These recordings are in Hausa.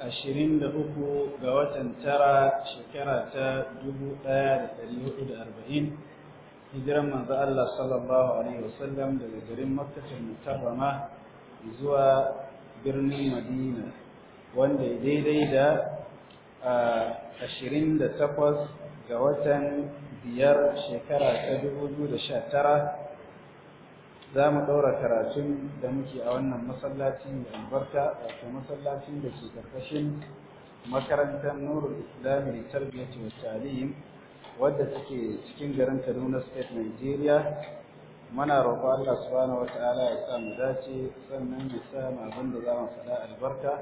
ashirin da uku ga watan tara shekara ta dubu ɗaya da ɗari hudu da arba'in hijiran manzo Allah sallallahu alaihi wasallam daga garin makkatul mutarrama zuwa birnin madina wanda ya daidai da ashirin da takwas ga watan biyar shekara ta dubu biyu da sha tara za mu ɗaura karatun da muke a wannan masallacin da albarka wato masallacin da ke ƙarƙashin makarantar nurul islami da tarbiyyar ta'lim wadda take cikin garin kaduna state nigeria muna roƙo allah wata ala ya sa mu dace sannan ya sa mu abin da za mu faɗa albarka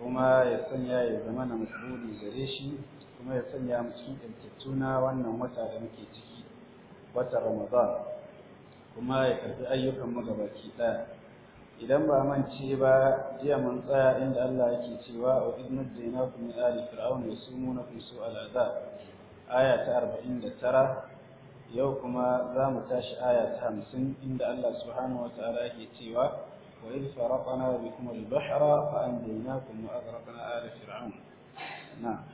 kuma ya sanya ya zama na masburi gare shi kuma ya sanya mu cikin ɗantattuna wannan wata da muke ciki wata ramadan kuma ya karbi ayyukan mu gabaki ɗaya. idan ba mance ba jiya mun tsaya inda Allah yake cewa wa idnud dinakum min ali fir'aun yasumunakum su'al azab aya ta 49 yau kuma za mu tashi aya ta 50 inda Allah subhanahu ta'ala yake cewa wa id faraqna bikum al-bahra fa anjaynakum wa aghraqna Ali fir'aun na'am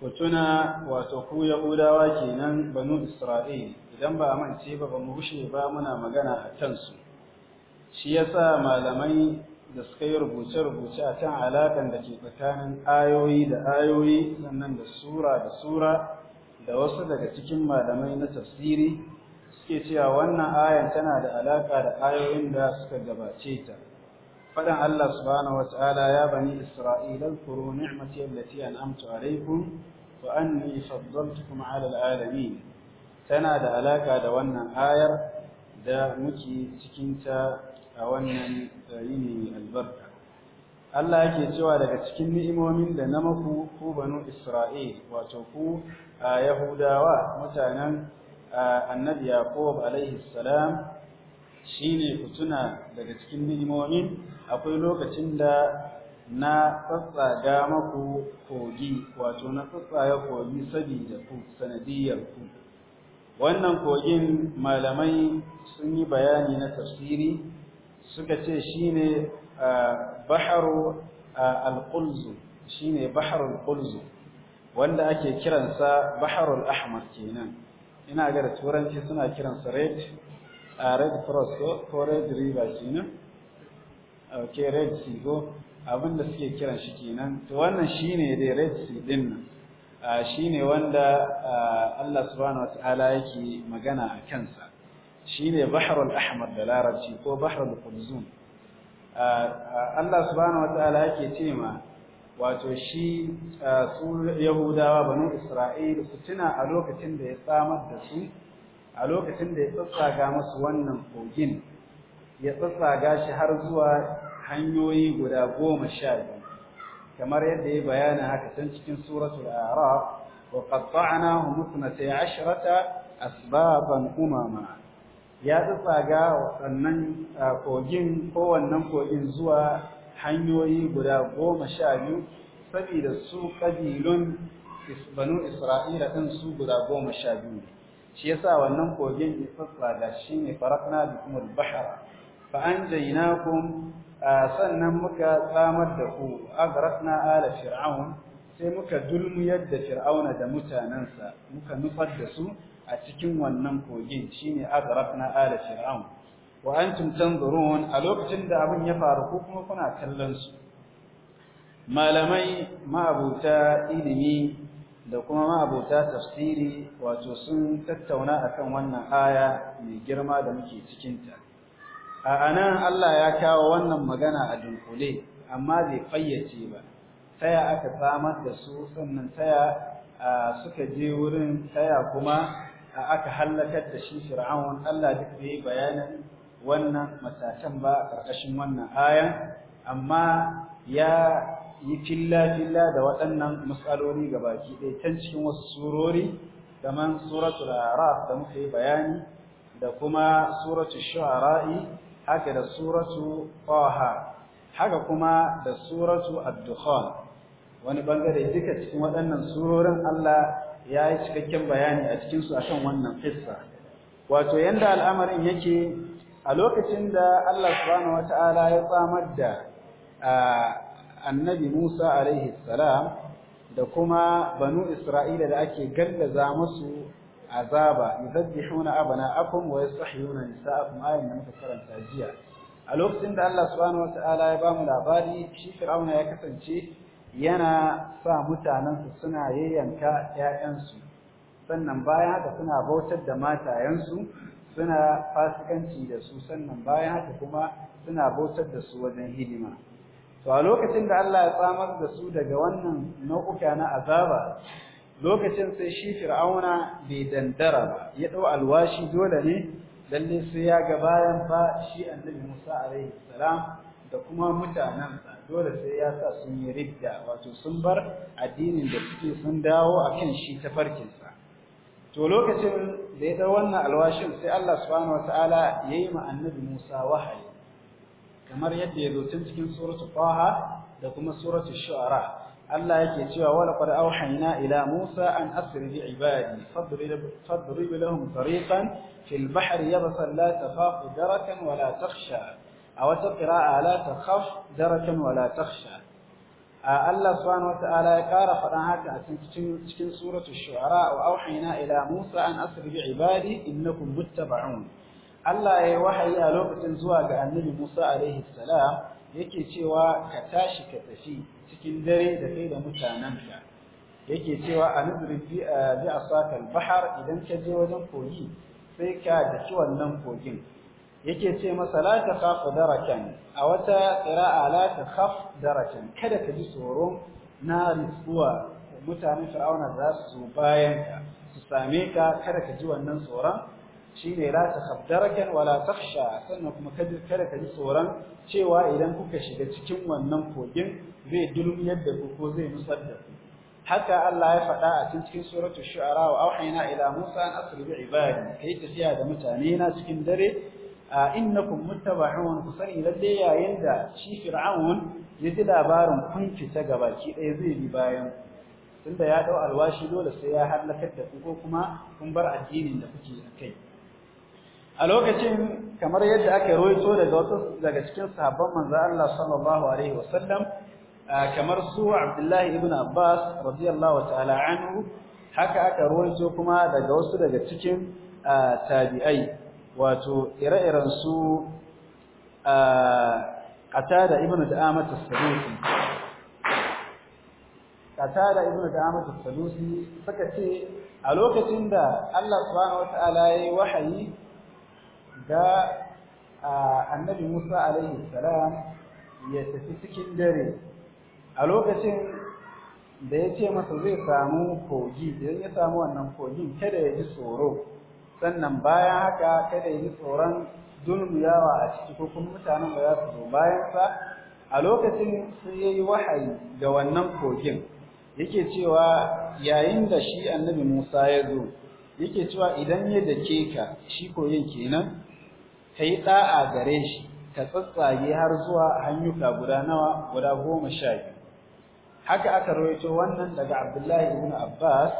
kutuna wato ku yahudawa kenan banu isra'il idan ba mance ba ba mu rushe ba muna magana a su shi yasa malamai da suka yi rubuce-rubuce a kan alaƙan da ke tsakanin ayoyi da ayoyi sannan da sura da sura da wasu daga cikin malamai na tafsiri suke cewa wannan ayan tana da alaƙa da ayoyin da suka gabace ta فدع الله سبحانه وتعالى يا بني إسرائيل اذكروا نعمتي التي أنعمت عليكم وأني فضلتكم على العالمين تنا da alaka da wannan ayar da muke cikinta a wannan yini albarka Allah yake cewa daga cikin ni'imomin da na maku ku banu Isra'il wato ku a Yahudawa mutanen Annabi Yaqub alaihi salam shine ku tuna daga cikin ni'imomin akwai lokacin da na tsatsaga maku kogi wato na tsatsaga kogi sabida ku sanadiyar ku wannan kogin malamai sun yi bayani na tafsiri suka ce shi shine baharu al-qulzu shine al qulzu wanda ake kiransa al ahmar kenan ina ga da turanci suna kiransa red a red cross ko ko red river kenan okay red sea ko da suke kiran shi kenan to wannan shine dai red sea din nan shine wanda Allah subhanahu wataala yake magana a kansa shine bahrul ahmar da larabci ko bahrul qulzum Allah subhanahu wataala yake ce ma wato shi su yahudawa banu isra'ila su tuna a lokacin da ya tsamar da su a lokacin da ya tsatsaga masu wannan kogin ya tsatsaga shi har zuwa hanyoyi guda goma sha biyu kamar yadda ya bayana haka can cikin suratul araf wa qatta'nahum ithnatay ashrata asbaban umama ya tsatsaga wannan kogin ko kogin zuwa hanyoyi guda goma sha biyu saboda su ƙabilun banu isra'ila ɗin su guda goma sha biyu shi yasa wannan kogin ya fassada shine farakna bikumul bahra fa anjaynakum sannan muka tsamar da ku agrakna ala fir'aun sai muka dulmu yadda fir'auna da mutanansa muka nufar da su a cikin wannan kogin shine agrakna ala fir'aun wa antum tanzurun a lokacin da abin ya faru ko kuma kuna kallon su malamai ma'abuta ilimi da kuma ma'abuta tafsiri wato sun tattauna akan wannan aya mai girma da muke cikinta a anan Allah ya kawo wannan magana a dunkule amma bai fayyace ba taya aka samar da su sannan taya suka je wurin taya kuma aka hallakar da shi fir'aun Allah duk bai bayanan wannan matakan ba a ƙarƙashin wannan ayan amma ya yi filla-filla da waɗannan matsaloli ga baki ɗaya can cikin wasu surori kamar suratul araf da muka yi bayani da kuma suratul shu'ara'i haka da suratul qaha haka kuma da suratul ad-dukhan wani bangare duka cikin waɗannan surorin Allah ya yi cikakken bayani a cikin su akan wannan fissa. wato yanda al'amarin yake a lokacin da Allah subhanahu wata'ala ya tsamar da ah, annabi Musa alaihi salam da kuma banu Isra'ila da ake gallaza musu azaba abana abana'akum wa yastahiyuna nisa'akum ayin da muka karanta jiya a lokacin da Allah subhanahu wataala ya bamu labari shi Fir'auna ya kasance yana sa mutanensu suna yayyanka ƴaƴansu sannan bayan haka suna bautar da matayensu suna fasikanci da su sannan bayan haka kuma suna bautar da su wajen hidima to a lokacin da Allah ya tsamar da su daga wannan nau'uka na azaba lokacin sai shi fir'auna bai dandara ba ya dau alwashi dole ne lalle sai ya ga bayan fa shi annabi Musa alaihi salam da kuma mutanensa dole sai ya sa sun yi ridda wato sun bar addinin da suke sun dawo akan shi ta farkinsa to lokacin da ya dau wannan alwashin sai Allah subhanahu wataala yayi ma annabi Musa wahayi kamar yadda ya zo tun cikin suratul Taha da kuma suratul Shu'ara Allah yake cewa wa laqad awhayna ila Musa an asri bi ibadi fadrib lahum tariqan fil bahri yabsa la takhafu darakan wa la takhsha aw taqra'a la takhaf darakan wa la takhsha Allah subhanahu wa ta'ala ya kara faɗan haka a cikin cikin suratul Shu'ara wa awhayna ila Musa an asri bi ibadi innakum muttaba'un Allah ya wahayi a lokacin zuwa ga Annabi Musa alaihi salam yake cewa ka tashi ka tafi cikin dare da kai da mutananka yake cewa a bi a asakal bahar idan ka je wajen kogi sai ka daki wannan kogin yake ce masa la ta darakan a wata qira'a la ta khaf darakan kada ka ji tsoron na riskuwa mutanen fir'auna za su bayan ka su same ka kada ka ji wannan tsoron shine la takhaf darakan wala takhsha sannan kuma kada kada ka ji tsoron cewa idan kuka shiga cikin wannan kogin zai dulmiyar da ku ko zai nusar da ku haka Allah ya faɗa a cikin suratul shu'ara wa auhayna ila musa an asri bi ibadi kai tafiya da mutane na cikin dare innakum ku sani lalle yayin da shi fir'aun ya ji labarin kun fita gabaki ɗaya zai bi bayan tunda ya dau alwashi dole sai ya halakar da ku ko kuma kun bar addinin da kuke kai a lokacin kamar yadda aka rawaito daga wasu daga cikin sahabban manzo Allah sallallahu alaihi wasallam kamar su Abdullahi ibn Abbas radiyallahu ta'ala anhu haka aka rawaito kuma daga wasu daga cikin tabi'ai wato ire-iren su Qatada ibn Da'amat as-Sadusi Qatada ibn as-Sadusi suka ce a lokacin da Allah subhanahu wa ta'ala yayi wahayi da annabi Musa alaihi salam ya tafi cikin dare a lokacin da ya ce masa zai samu kogi idan ya samu wannan kogin kada ya ji tsoro sannan bayan haka kada ya ji tsoron yawa a ciki ko kuma mutanen da za su zo bayansa a lokacin sai ya yi wahayi ga wannan kogin yake cewa yayin da shi annabi Musa ya zo yake cewa idan ya dake ka shi koyin kenan yi ɗa'a gare shi ka tsatsage har zuwa hanyuka guda nawa guda goma sha biyu haka aka rawaito wannan daga Abdullahi ibn Abbas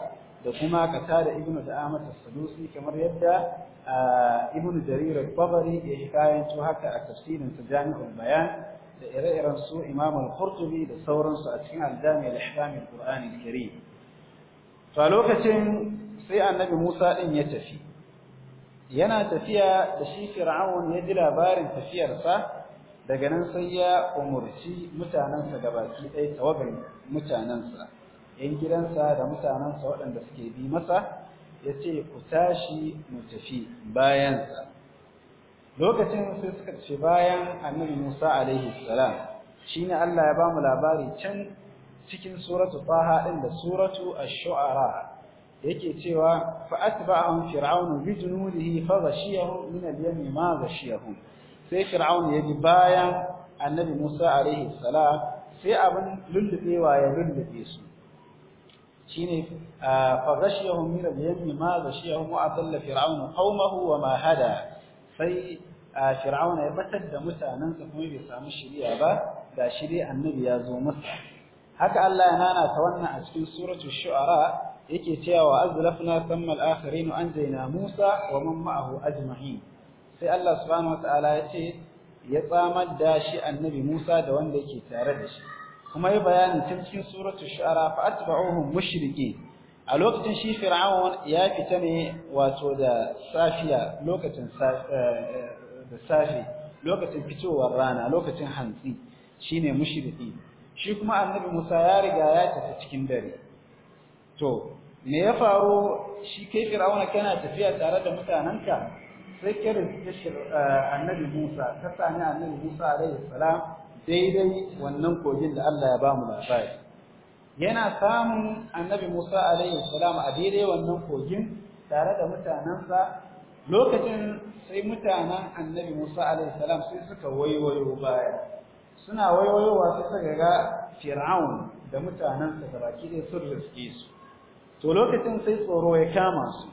da kuma Qatada ibn Da'amat as-Sadusi kamar yadda ibn Jarir al-Tabari ya hikayanto haka a tafsirin sa Jami'ul Bayan da ire-iren su Imam al-Qurtubi da sauransu a cikin al-Jami' al-Ihkam al-Qur'an al-Karim to a lokacin sai annabi Musa din ya tafi yana tafiya da shi fir'aun ya ji labarin tafiyarsa daga nan sai ya umurci mutanansa gabaki ɗaya tawagan mutanansa yan gidansa da mutanansa waɗanda suke bi masa ya ce ku tashi mu tafi bayansa lokacin sai suka ce bayan annabi musa alaihi salam shi ne allah ya ba mu labari can cikin suratu taha ɗin da suratu ash-shu'ara yake cewa fa atba'ahum fir'aun bi junudihi fa ghashiyahum min al-yam ma ghashiyahum sai fir'aun ya ji bayan annabi Musa alaihi salam sai abin lullubewa ya lullube su shine fa ghashiyahum min al-yam ma ghashiyahum wa adalla fir'aun qaumahu wa ma hada sai Fir'aun ya batar da mutanansa kuma bai samu shiriya ba da shiri annabi ya zo masa haka Allah ya nana ta wannan a cikin suratul shu'ara yake cewa wa azlafna thamma al-akhirin anjayna Musa wa man ma'ahu ajma'in sai Allah subhanahu ya ce ya tsamar da shi annabi Musa da wanda yake tare da shi kuma ya bayani tun cikin suratul shu'ara fa atba'uhum mushriki a lokacin shi fir'aun ya fita ne wato da safiya lokacin eh, da safi lokacin fitowar rana lokacin hantsi shine mushriki shi kuma annabi Musa ya riga ya tafi cikin dare to me ya faru shi kai fir'auna kana tafiya tare da mutanenka sai ka rinsu eh, annabi Musa ta sani annabi Musa alaihi salam daidai wannan kogin da Allah ya ba mu labari yana samun annabi Musa alaihi salam a daidai wannan kogin tare da mutanensa lokacin sai mutanen annabi Musa alaihi salam sai suka waiwayo baya suna waiwayowa sai suka ga Fir'aun da mutanensa gabaki ɗaya sun riske su to lokacin sai tsoro ya kama su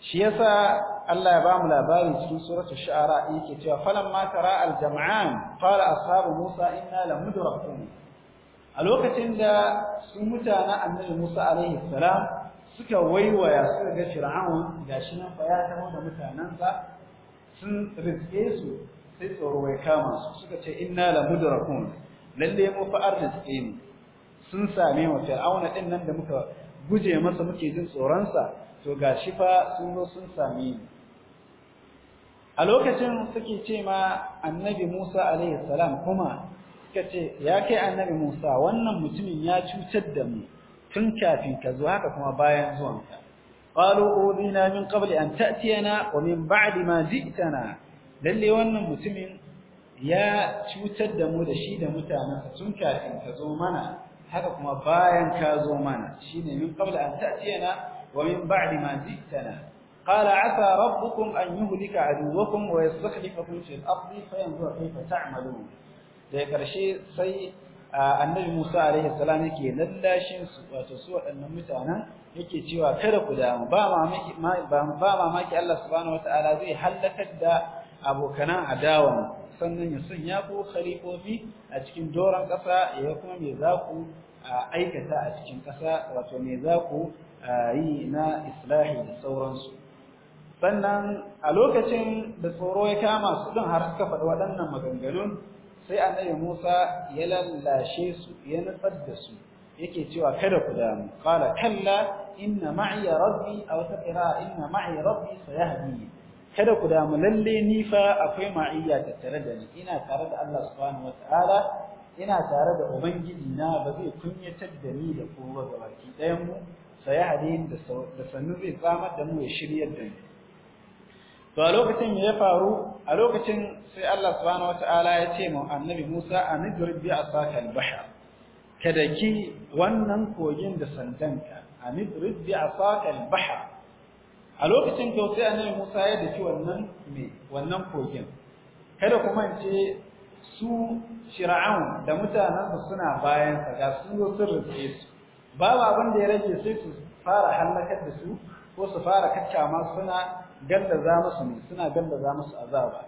shi yasa Allah ya ba mu labari cikin suratul shu'ara yake cewa falamma tara al-jam'an qala ashabu Musa inna lamudrakun a lokacin da su mutanen Annabi Musa alaihi salam suka waiwaya suka ga Fir'aun gashi nan fa ya taho da mutanansa sun rizke su sai tsoro ya kama su suka ce inna lamudrakun lalle mu fa arziki mu sun same mu Fir'auna din nan da muka guje masa muke jin tsoronsa to ga shi fa sun zo sun sami ni a lokacin suke ce ma annabi Musa alaihi salam kuma suka ce ya kai annabi Musa wannan mutumin ya cutar da mu tun kafin ka zo haka kuma bayan zuwanka qalu udina min qabl an ta'tiyana wa min ba'di ma ji'tana lalle wannan mutumin ya cutar da mu da shi da mutanansa tun kafin ka zo mana haka kuma bayan ka zo mana shine min qabla an ta'tiyana wa min ba'di ma ji'tana qala asa rabbukum an yuhlika aduwwakum wa yastakhlifakum fil ardi fayanzura kayfa ta'malun da karshe sai annabi Musa alaihi salam yake lallashin su wato su waɗannan mutanen yake cewa kada ku damu ba mamaki ba mamaki Allah subhanahu wataala zai halakar da abokanan adawan sannan ya sanya ku khalifofi a cikin doron ƙasa ya kuma me za ku aikata a cikin ƙasa wato me za ku yi na islahi da sauransu sannan a lokacin da tsoro ya kama su ɗin har suka faɗi waɗannan maganganun sai annabi Musa ya lallashe su ya nutsar da su yake cewa kada ku damu qala kalla inna ma'iya rabbi aw taqra inna ma'iya rabbi sayahdini kada ku damu lalle ni fa akwai ma'iyya tare da ni ina tare da Allah subhanahu wataala ina tare da ubangiji na ba zai kunyatar da ni da kowa ga baki ɗayan mu sai hadin da da sannu zai tsamar da mu ya shiryar da ni. to a lokacin ya faru a lokacin sai Allah subhanahu wataala ya ce mu annabi Musa anidrib bi asaka al kada ki wannan kogin da sandanka anidrib bi asaka al a lokacin kyautai annabi Musa ya daki wannan me wannan kogin kada kuma ce su shir'aun da mutanensa suna bayan sa ga sun zo sun rufe su babu abin da ya rage sai su fara hallakar da su ko su fara ma suna za musu ne suna za musu azaba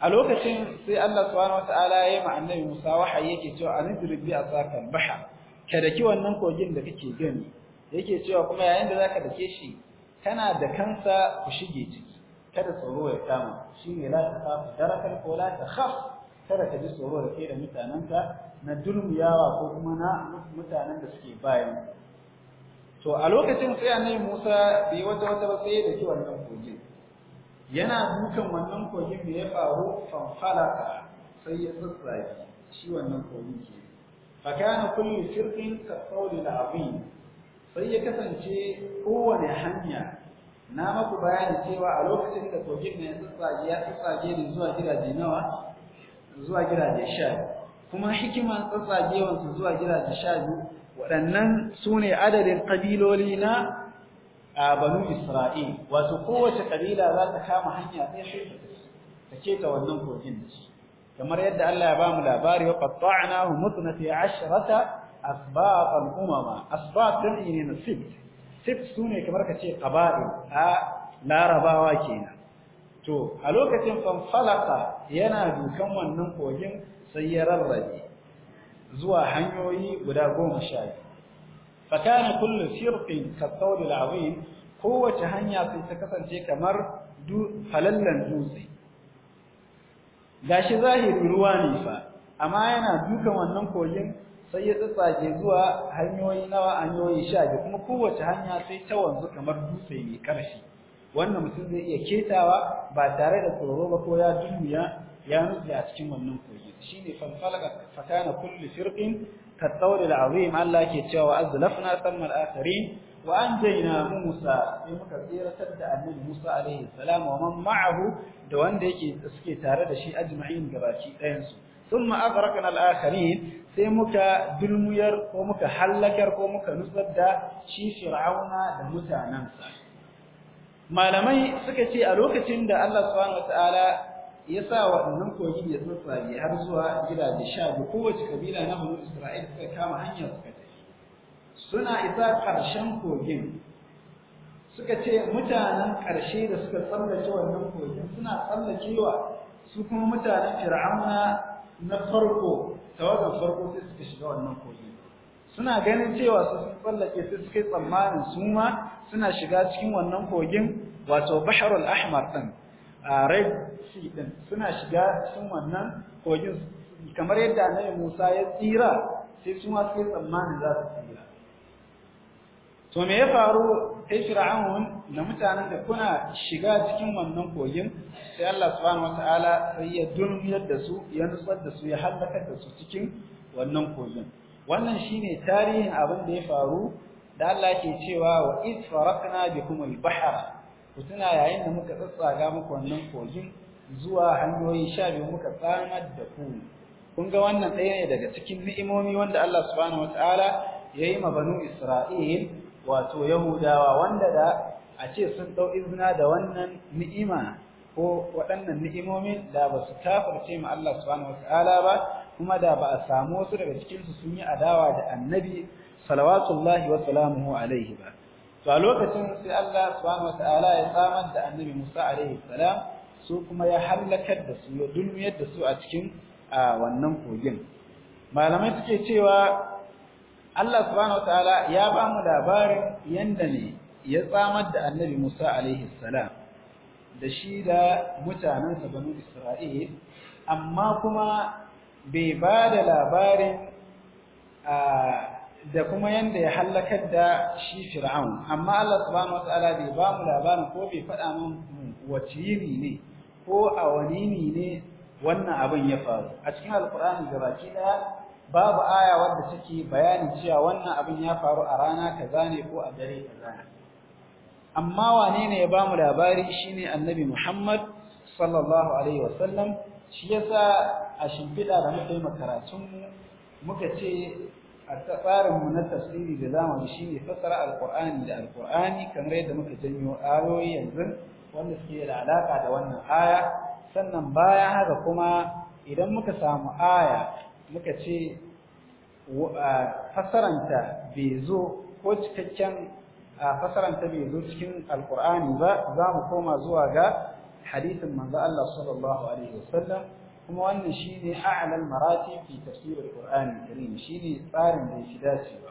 a lokacin sai Allah subhanahu wataala ya yi ma annabi Musa wahayi yake cewa anidrib bi asakal bahar kada ki wannan kogin da kake gani yake cewa kuma yayin da zaka dake shi kana da kansa ku shige ciki kada tsoro ya kama shine la ta kafa darakan ko la ta khaf kada ka ji tsoro da kai da mutananka na dulmiyawa ko kuma na mutanen da suke bayan to a lokacin sai annabi Musa bai wata wata ba sai da ki wannan kogin yana dukan wannan kogin da ya faru fanfalaka sai ya tsatsaki shi wannan kogin ke fa kullu firqin ka qawli da abin. sai ya kasance kowane hanya na maku bayani cewa a lokacin da kogin mai tsatsage ya tsatsage ne zuwa gidaje nawa zuwa gidaje sha kuma hikiman tsatsagewansu zuwa gidaje sha biyu waɗannan su ne adadin ƙabiloli na a banu isra'il wato kowace ƙabila za ta kama hanya ɗaya sai ta keta wannan kogin da shi kamar yadda Allah ya bamu mu labari wa qatta'nahu fi ashrata asbab al'umama asbab jam'i ne na sibt sibt sune kamar ka ce ƙaba'i a larabawa kenan to a lokacin fanfalaka yana dukan wannan kogin sai ya rarrabe zuwa hanyoyi guda goma sha biyu fakana kullu sirqin kasawli al'azim kowace hanya sai ta kasance kamar halallan dutse gashi zahiri ruwa ne fa amma yana dukan wannan kogin sai ya tsatsage zuwa hanyoyi nawa hanyoyi sha biyu kuma kowace hanya sai ta wanzu kamar dutse mai karshi wannan mutum zai iya ketawa ba tare da tsoro ba ko ya dulmiya ya nutse a cikin wannan kogi shine fanfalaka fakana kulli firqin katsawri alazim Allah ke cewa azlafna thamma al-akhirin wa anjayna Musa sai muka tsiratar da annabi Musa alaihi salam wa man ma'ahu da wanda yake suke tare da shi ajma'in gabaki ɗayan su thumma aghraqna na akhirin sai muka dulmuyar ko muka hallakar ko muka nutsar da shi fir'auna da mutanansa malamai suka ce a lokacin da Allah subhanahu wataala ya sa waɗannan kogi ya tsuntsaye har zuwa gidaje sha biyu kowace kabila na Bani Isra'il suka kama hanya suka tafi suna isa ƙarshen kogin suka ce mutanen ƙarshe da suka tsallake wannan kogin suna tsallakewa su kuma mutanen fir'auna na farko tawagan farko sai suka shiga wannan kogi suna ganin cewa su sun tsallake sai suka tsammanin su ma suna shiga cikin wannan kogin wato baharul ahmar din a red sea din suna shiga cikin wannan kogin kamar yadda annabi Musa ya tsira sai su ma suka tsammanin za su tsira to me ya faru fir'aun, na mutanen da kuna shiga cikin wannan kogin sai Allah subhanahu wataala sai ya da su ya nutsar da su ya halakar da su cikin wannan kogin wannan shine tarihin abin da ya faru da Allah ke cewa wa iz farakna bikum al-bahr kutuna yayin da muka tsatsaga muku wannan kogin zuwa hanyoyi sha biyu muka tsamar da ku kun ga wannan ɗaya ne daga cikin ni'imomi wanda Allah subhanahu wataala yayi ma banu Isra'il wato yahudawa wanda da a ce sun dau izina da wannan ni'ima ko waɗannan ni'imomin da ba su kafirce ma Allah subhanahu wataala ba kuma da ba a samu wasu daga cikinsu sun yi adawa da annabi salawatullahi wa salamuhu alaihi ba to a lokacin sai Allah subhanahu wataala ya samar da annabi Musa alaihi salam su kuma ya halakar da su ya dulmiyar da su a cikin wannan kogin malamai suke cewa Allah subhanahu ya ba mu labarin yanda ne ya tsamar da Annabi Musa alaihi salam da shi da mutanansa banu Isra'il amma kuma bai ba da labarin da kuma yanda ya hallakar da shi Fir'aun amma Allah subhanahu wataala bai ba mu labarin ko bai faɗa mun wace yiri ne ko a wani ne wannan abin ya faru a cikin alkur'ani gabaki daya babu aya wadda suke bayanin cewa wannan abin ya faru a rana kaza ne ko a dare kaza amma wane ne ya bamu labari shine annabi Muhammad sallallahu alaihi wasallam shi yasa a shimfida da muka yi makaratun mu muka ce a tsarin mu na tafsiri da zamu yi shine fasara alqur'ani da alqur'ani kamar yadda muka janyo ayoyi yanzu wanda suke da alaka da wannan aya sannan bayan haka kuma idan muka samu aya muka ce fasaranta bai zo ko cikakken fasaranta bai zo cikin alkur'ani ba za mu koma zuwa ga hadisin manzo Allah sallallahu alaihi wasallam kuma wannan shine a'lal marati fi tafsir alqur'ani karim shine tsarin da yake ba.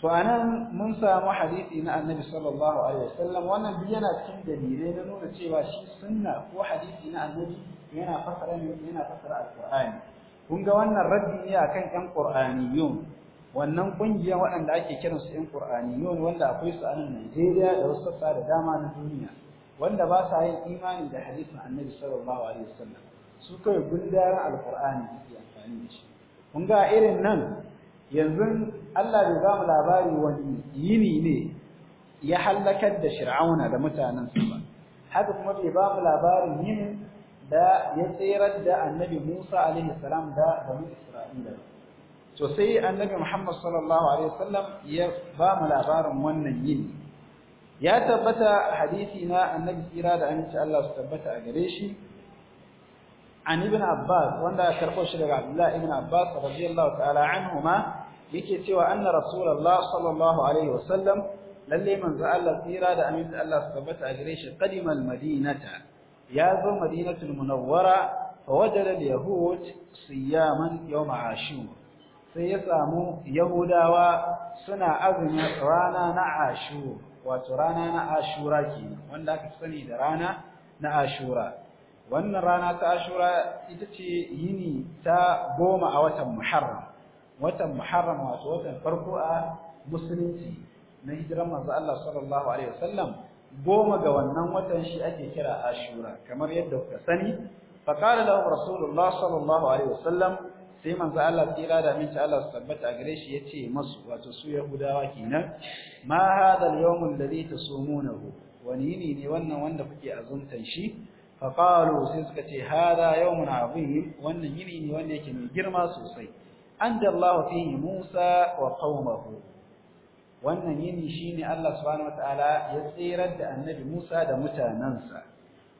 to anan mun samu hadisi na annabi sallallahu alaihi wasallam wannan bi yana cikin dalilai na nuna cewa shi sunna ko hadisi na annabi yana fasara yana fasara kun ga wannan raddi ne akan ƴan qur'aniyun wannan kungiya waɗanda ake kiran su ƴan qur'aniyun wanda akwai su a nan Najeriya da wasu sassa da dama na duniya wanda ba sa yin imani da hadisin Annabi sallallahu alaihi wasallam su kai gundaran alqur'ani ke amfani da shi kun ga irin nan yanzu Allah bai ba mu labari wani yini ne ya halakar da Shir'auna da mutanensa ba haka kuma bai ba mu labarin yini. da ya tsirar da annabi Musa alaihi salam da bani Isra'ila to sai annabi Muhammad sallallahu alaihi wasallam ya ba mu labarin wannan yin. ya tabbata hadisi na annabi tsira da annabi Allah su tabbata a gare shi an ibn Abbas wanda ya karbo shi daga Abdullah ibn Abbas radiyallahu ta'ala anhuma yake cewa anna rasulullah sallallahu alaihi wasallam lalle manzo Allah tsira da annabi Allah su tabbata a gare shi qadimal madinata ya zo madinatul munawwara fa wajada al yahud siyaman yawm ashur sai ya samu yahudawa suna azumin rana na ashur wato rana na ashura kenan wanda aka sani da rana na ashura wannan rana ta ashura ita ce yini ta goma a watan muharram watan muharram wato watan farko a musulunci na hijiran manzo Allah sallallahu alaihi wasallam goma ga wannan watan shi ake kira ashura kamar yadda kuka sani fa qala lahu rasulullah sallallahu alaihi wasallam sai manzo Allah tsira da min ta Allah tabbata gare shi yace masu wato su yahudawa kenan ma hadha al-yawm alladhi tasumunahu wani ne ne wannan wanda kuke azumtan shi fa qalu sai suka ce hadha yawmun azim wannan yini ne wanda yake mai girma sosai anda Allah fihi Musa wa qaumahu wannan yini shine Allah subhanahu wataala ya tsirar da annabi Musa da mutanansa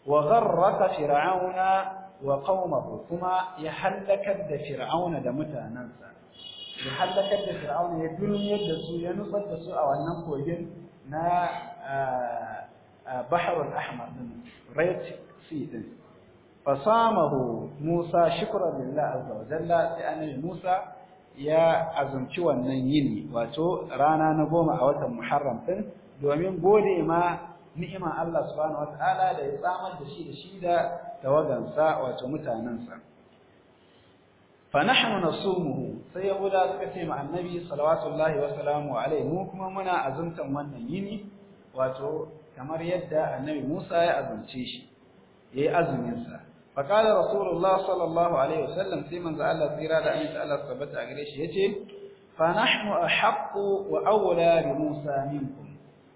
wa gharraqa fir'auna wa qaumahu kuma ya halakar da fir'auna da mutanansa ya halakar da fir'auna ya dulmiyar da su ya nutsar da su a wannan kogin na bahrul ahmar din red sea din fasamahu Musa shukran lillahi azza wa jalla sai annabi Musa ya azumci wannan yini wato rana na goma a watan Muharram din domin gode ma ni'ima Allah subhanahu wataala da ya tsamar da shi da shi da tawagansa wato mutanansa fa nahnu nasumuhu sai ya yahuda suka ce ma annabi sallallahu wa sallamu alaihi mu kuma muna azumtan wannan yini wato kamar yadda annabi Musa ya azumce shi yayi azumin sa فقال رسول الله صلى الله عليه وسلم سيما زعل سيرا دا أن تعالى ثبت أغريش يتي فنحن أحق وأولى بموسى منكم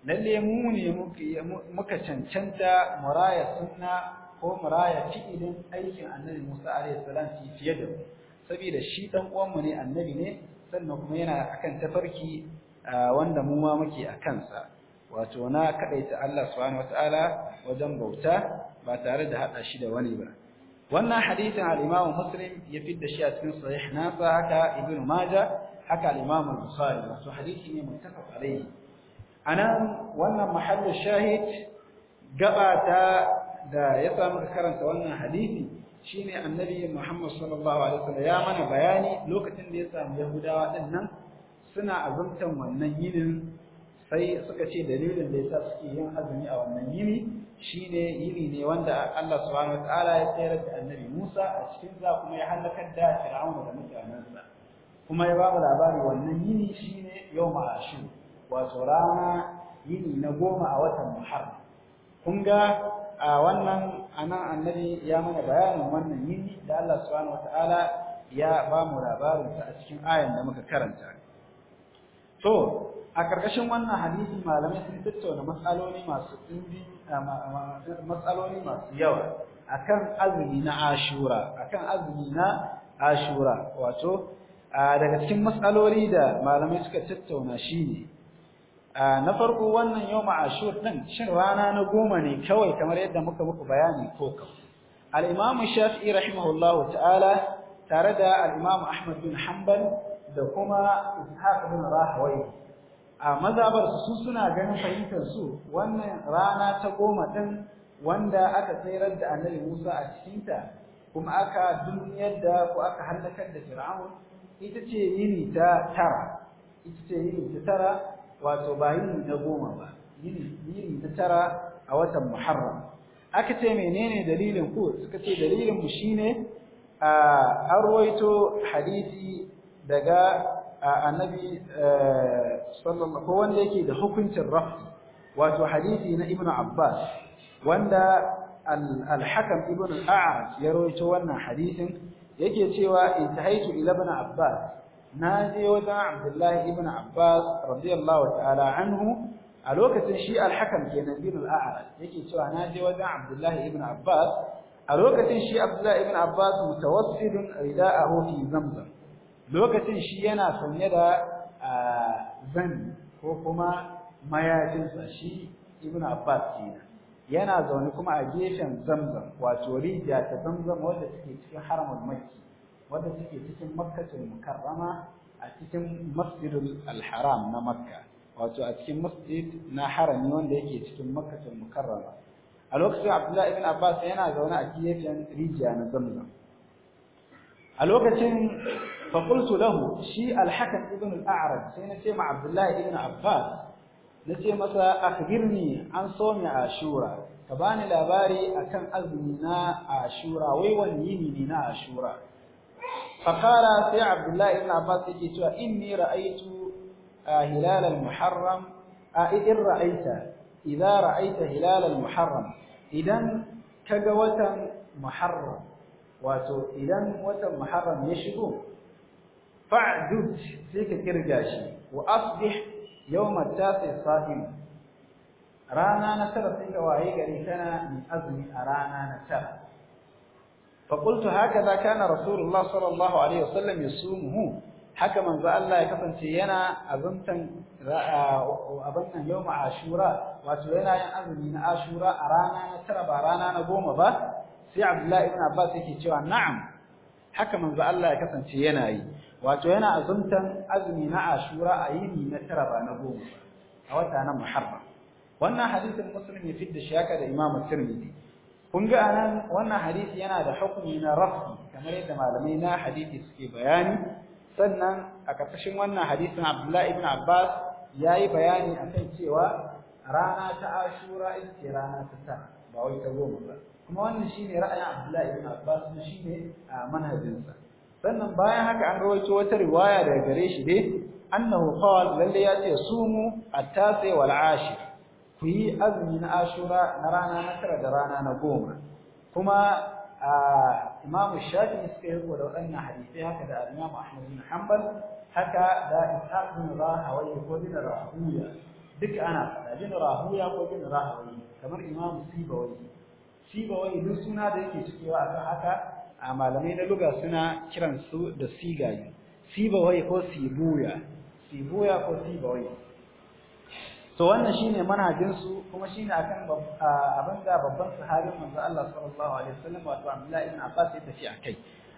lalle mu muka cancanta muraya sunna ko muraya fi'ilin aikin annabi Musa alaihi salam fiye da mu saboda shi dan uwanmu ne annabi ne sannan kuma yana akan tafarki wanda muma muke a kansa wato na kadaita Allah subhanahu wajen bauta ba tare da hada shi da wani ba wannan hadisin al-Imam Muslim ya da shi a cikin sahih nasa haka Ibn Majah haka al-Imam Bukhari wato hadisi ne muttafaq alayhi anan wannan mahallu shahid gabata da ya samu karanta wannan hadisi shine annabi Muhammad sallallahu alaihi wasallam ya mana bayani lokacin da ya samu Yahudawa din nan suna azumtan wannan yinin sai suka ce dalilin da yasa suke yin azumi a wannan yini shine yini ne wanda Allah subhanahu wataala ya tsayar da Annabi Musa a cikin sa kuma ya halakar da Fir'auna da mutanensa kuma ya mu labari wannan yini shine yawma Ashur wato rana yini na goma a watan Muharram kun ga a wannan anan Annabi ya mana bayanin wannan yini da Allah subhanahu wataala ya ba mu labarin sa a cikin ayan da muka karanta to a ƙarƙashin wannan hadisin malamai sun tattauna matsaloli masu eh, matsaloli masu yawa akan azumi na Ashura akan azumi na Ashura wato daga cikin matsaloli da malamai suka tattauna ne. na farko wannan yau ashur ɗin shin rana na goma ne kawai kamar yadda muka muku bayani ko kam al shafi'i rahimahullahu ta'ala tare da al-imam ahmad bin hanbal da kuma ishaq bin rahawai a mazabar su suna ganin fahimtar su wannan rana ta goma din wanda aka tsayar da annabi Musa a cikin ta kuma aka duniyar da ko aka halakar da Fir'aun ita ce yini ta tara ita ce yini ta tara wato ba yini na goma ba yini yini ta tara a watan Muharram aka ce menene dalilin ku suka ce dalilin mu shine a arwaito hadisi daga annabi eh, sallallahu ko wanda yake da hukuncin rafi wato hadisi na Ibn abbas wanda al-hakan ibn al-a'raj ya rawaito wannan hadisin yake cewa intahaitu ila ibn abbas na je wajen abdullahi ibn abbas radiyallahu ta'ala anhu a lokacin shi al-hakan kenan ibn al-a'raj yake cewa na je wajen abdullahi ibn abbas a lokacin shi abdullahi ibn abbas mutawassidun rida'ahu fi zamzam lokacin shi yana sanye da zan ko kuma mayafinsa shi ibn abbas kenan yana zaune kuma a gefen zamzam wato rijiya ta zamzam wadda take cikin haramun makki wadda take cikin makkatul mukarrama a cikin masjidul alharam na makka wato a cikin masjid na harami wanda yake cikin makkatul mukarrama a lokacin abdullahi ibn abbas yana zaune a gefen rijiya na zamzam a lokacin fa qultu lahu shi alhakan hakam ibn al-a'raj sai nace ma abdullahi ibn abbas nace masa akhbirni an sawmi ashura ka bani labari akan azumi na ashura wai wani yini ne na ashura fa qala sai abdullahi ibn abbas yake cewa inni ra'aytu hilal a idin ra'aita idza ra'aita hilal muharram idan kaga watan muharram wato idan watan muharram ya shigo fa'dud sai ka kirga shi wa asbih yawma tasi sahim rana na tara sai ka waye gari kana min azmi a rana na tara فقلت هكذا كان رسول الله صلى الله عليه وسلم haka manzo Allah ya kasance yana azumtan abannan yawm ashura wato yana yin azumi na ashura a rana na tara ba rana na goma ba sai Abdullahi ibn Abbas yake cewa na'am haka manzo Allah ya kasance yana yi wato yana azumtan azumi na ashura a yini na tara ba na goma a wata na muharba. wannan hadisin muslim ya fidda shi haka da imamu tirmidhi kun ga anan wannan hadisi yana da hukumi na rafi kamar yadda malamai na hadisi suke bayani sannan a karkashin wannan hadisin abdullahi ibn abbas yayi bayani akan cewa rana ta ashura ita rana ta tara ba wai ta goma ba kuma wannan shine ra'ayin abdullahi ibn abbas shine manhajinsa sannan bayan haka an rawaito wata riwaya daga gare shi dai annahu qala lalle ya ce sumu at-tasi wal ashir ku yi azumi na ashura na rana na tara da rana na goma kuma imamu shafi'i suka yi da waɗannan hadisai haka da imamu ahmad bin hanbal haka da ishaq bin rahawai ko bin rahuya duk ana faɗa bin rahuya ko bin rahawai kamar imamu sibawai sibawai duk suna da yake cikewa kan haka a malamai na luga suna kiran su da sigayi sibawai ko sibuya sibuya ko sibawai To wannan shine manhajin su kuma shine akan abin da babban sahabin manzo Allah sallallahu alaihi wasallam wato Abdullah ibn Abbas ya tafi akai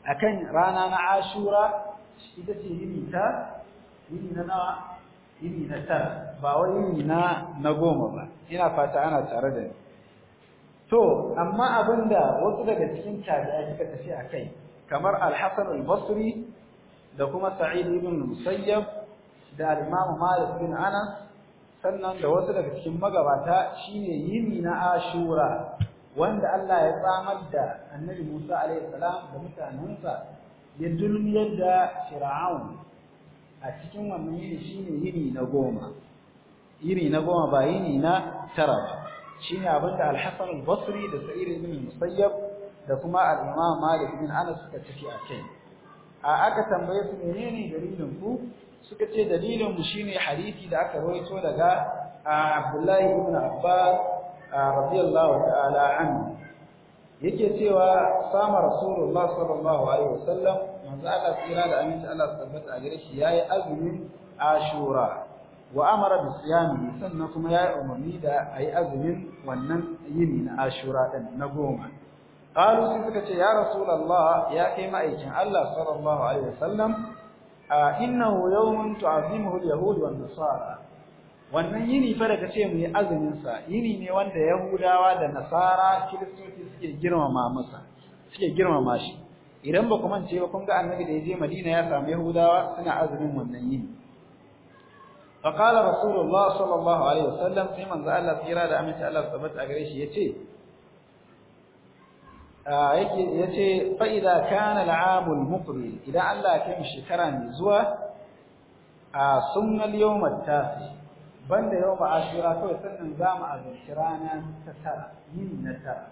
akan rana na Ashura ita ce yini ta yini na nawa yini na tara ba wai yini na na goma ba ina fata ana tare da ni to amma abinda wasu daga cikin tabi'a suka tafi akai kamar al-Hasan al-Basri da kuma Sa'id ibn Musayyab da al-Imam Malik bin Anas sannan da wasu daga cikin magabata shine yini na Ashura wanda Allah ya tsamar da Annabi Musa alaihi salam da mutanensa ya dulmiyar da Fir'aun a cikin wannan yini shine yini na goma yini na goma ba yini na tara ba ne abinda AlHassan al-Basri da Sa'id ibn musayyab da kuma al-Imam Malik ibn Anas suka tafi akai a aka tambaye su menene dalilin ku suka ce dalilin mu shine hadisi da aka rawaito daga Abdullahi ibn Abbas radiyallahu ta'ala anhu yake cewa sama Rasulullah sallallahu alaihi wasallam manzo Allah tsira da aminci Allah tabbata a gare shi yayi azumin Ashura wa amara bi siyami sannan kuma ya umarni da ayi azumin wannan yini na ashura din na goma qalu sai suka ce ya rasulullah ya kai ma'aikin Allah sallallahu alaihi wasallam innahu yawmun tu'azimuhu al wa nasara wannan yini fa da kace mu yi azumin sa yini ne wanda yahudawa da nasara kiristoci suke girmama masa suke girmama shi idan ba ku mance ba kun ga annabi da ya je madina ya samu yahudawa suna azumin wannan yini فقال رسول الله صلى الله عليه وسلم sai manzo Allah tsira da aminci Allah tabbata a gare shi yace yake yace fa kana al'am al-muqbil idan Allah ya kai shekara mai zuwa a sunnal yawm at-tasi banda yawm kawai sannan za mu azumci rana ta tara yin na tara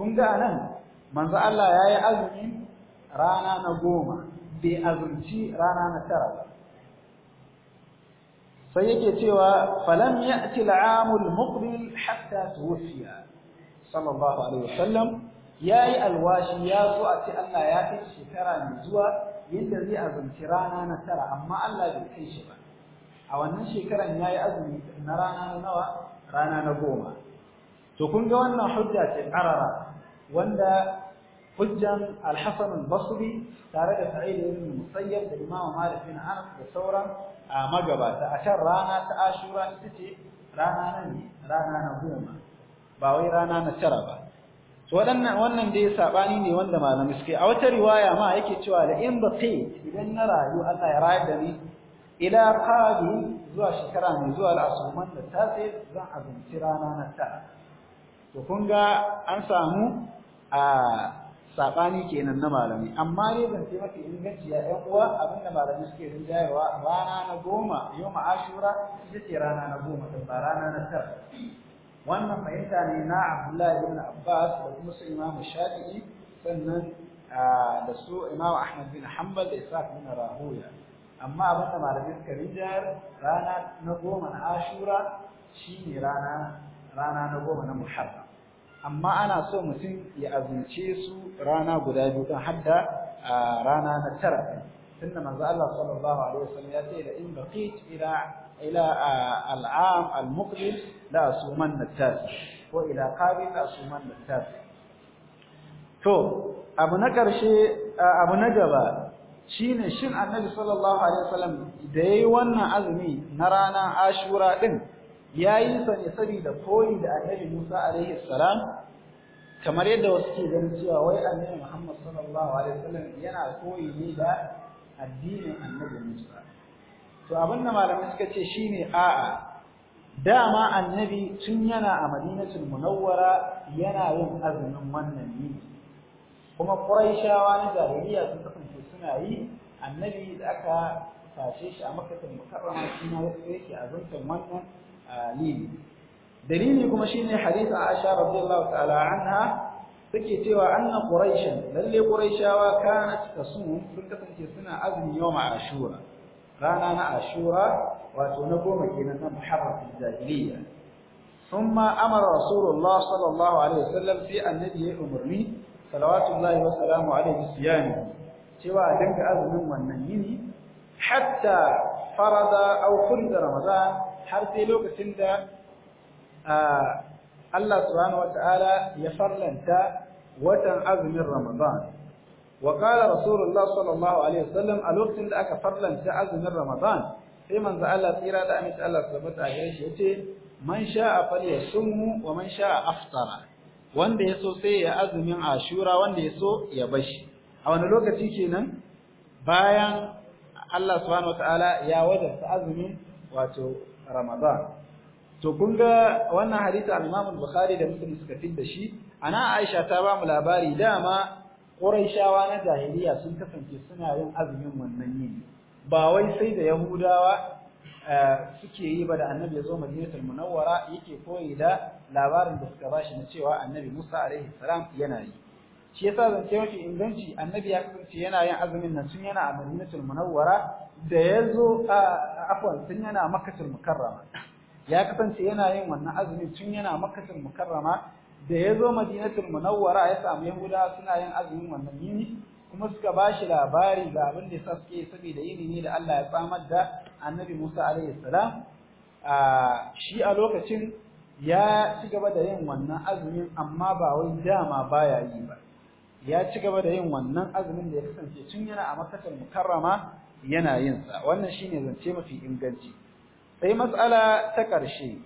kun ga nan manzo Allah yi azumi rana na goma bai azumci rana na tara sai yake cewa falam ya'ti al'amul muqbil hatta tuwfiya sallallahu alaihi wasallam yayi alwashi ya zo a ce Allah ya kai shekara mai zuwa yadda zai azumci rana na tara amma Allah bai kai shi ba a wannan shekaran yayi azumi na rana nawa rana na goma to kun ga wannan hujja ce karara wanda hujjan al-hasan basri tare da sa'id ibn musayyab da imamu malik bin anas da sauran a magabata akan rana ta ashura ita ce rana ne rana na goma ba wai rana na tara ba to wadannan wannan dai saɓani ne wanda malami suke a wata riwaya ma yake cewa la in baqi idan na rayu Allah ya rayar da ni ila qadi zuwa shekara mai zuwa al-asuman ta tafi zan azumci rana na tara to kun ga an samu a sabani kenan na malami amma dai ban sai maka inganci ya ɗan uwa abinda malami suke rinjayarwa rana na goma yau ma ashura ita ce rana na goma din ba rana na tara wannan fahimta ne na abdullahi ibn abbas da kuma su imamu shafi'i sannan da su imamu ahmad bin hanbal da isa bin rahuya amma abin da malami suka rinjayar rana na goma na ashura shine rana rana na goma na muharram amma ana so mutum ya azumce su rana guda biyu don hadda rana na tara tunda manzo Allah sallallahu alaihi wasallam ya ce da in baqit ila ila al'am al-muqbil la suman natas ko ila qabil la suman natas to abu na karshe abu na gaba shine shin annabi sallallahu alaihi wasallam da yayi wannan azumi na rana ashura din Ya yi sa ne da koyi da annabi Musa alaihi salam kamar yadda wasu ke ganin cewa wai annabi Muhammad sallallahu alaihi wasallam yana koyi ne da addinin annabi Musa to abin da malamai suka ce shine a'a dama annabi tun yana a Madinatul Munawwara yana yin azumin wannan ne kuma Quraishawa na jahiliya sun kasance suna yi annabi da aka tashe shi a makatan Mukarrama shi ma yake azumtar wannan alil dalili kuma shine hadisi Aisha radiyallahu ta'ala anha take cewa anna quraishan lalle quraishawa kanat tasum sun kasance suna azumi yawm ashura rana na ashura wato na goma kenan na muharram jahiliya thumma amara rasulullah sallallahu alaihi wasallam fi annabi ya umarni salawatullahi wa salamu alaihi siyami cewa a danka azumin wannan yini hatta farada aw kullu ramadan har sai lokacin da Allah subhanahu Ta'ala ya farlanta watan azumin Ramadan wa qala Rasulullah sallallahu alaihi wasallam a lokacin da aka farlanta azumin Ramadan sai manzo Allah tsira da amince Allah subhanahu wataala ya ce man sha'a falyasumhu wa man a aftara wanda so sai ya azumin Ashura wanda ya so ya bashi a wani lokaci kenan bayan Allah subhanahu Ta'ala ya wajarta azumin wato Ramadan to kun ga wannan hadisi al-Imam al-Bukhari da Muslim suka da shi ana Aisha ta ba mu labari dama Quraishawa na jahiliya sun kasance suna yin azumin wannan yini ba wai sai da Yahudawa eh, suke yi ba da Annabi ya zo Madinatul Munawwara yake koyi da labarin da suka bashi na cewa Annabi Musa alaihi salam yana yi shi yasa zance mafi inganci Annabi ya kasance yana yin azumin nan sun yana a Madinatul Munawwara da ya zo a afwan tun yana makatul mukarrama ya kasance yana yin wannan azumi tun yana makatul mukarrama da ya zo madinatul munawwara ya samu yan yahuda suna yin azumin wannan yini kuma suka ba shi labari ga abin da ya saske saboda yini ne da Allah ya tsamar da annabi Musa alaihi salam a shi a lokacin ya ci gaba da yin wannan azumin amma ba wai dama baya yi ba ya ci gaba da yin wannan azumin da ya kasance tun yana a makatul mukarrama yana yin sa wannan shine zance mafi inganci sai mas'ala ta ƙarshe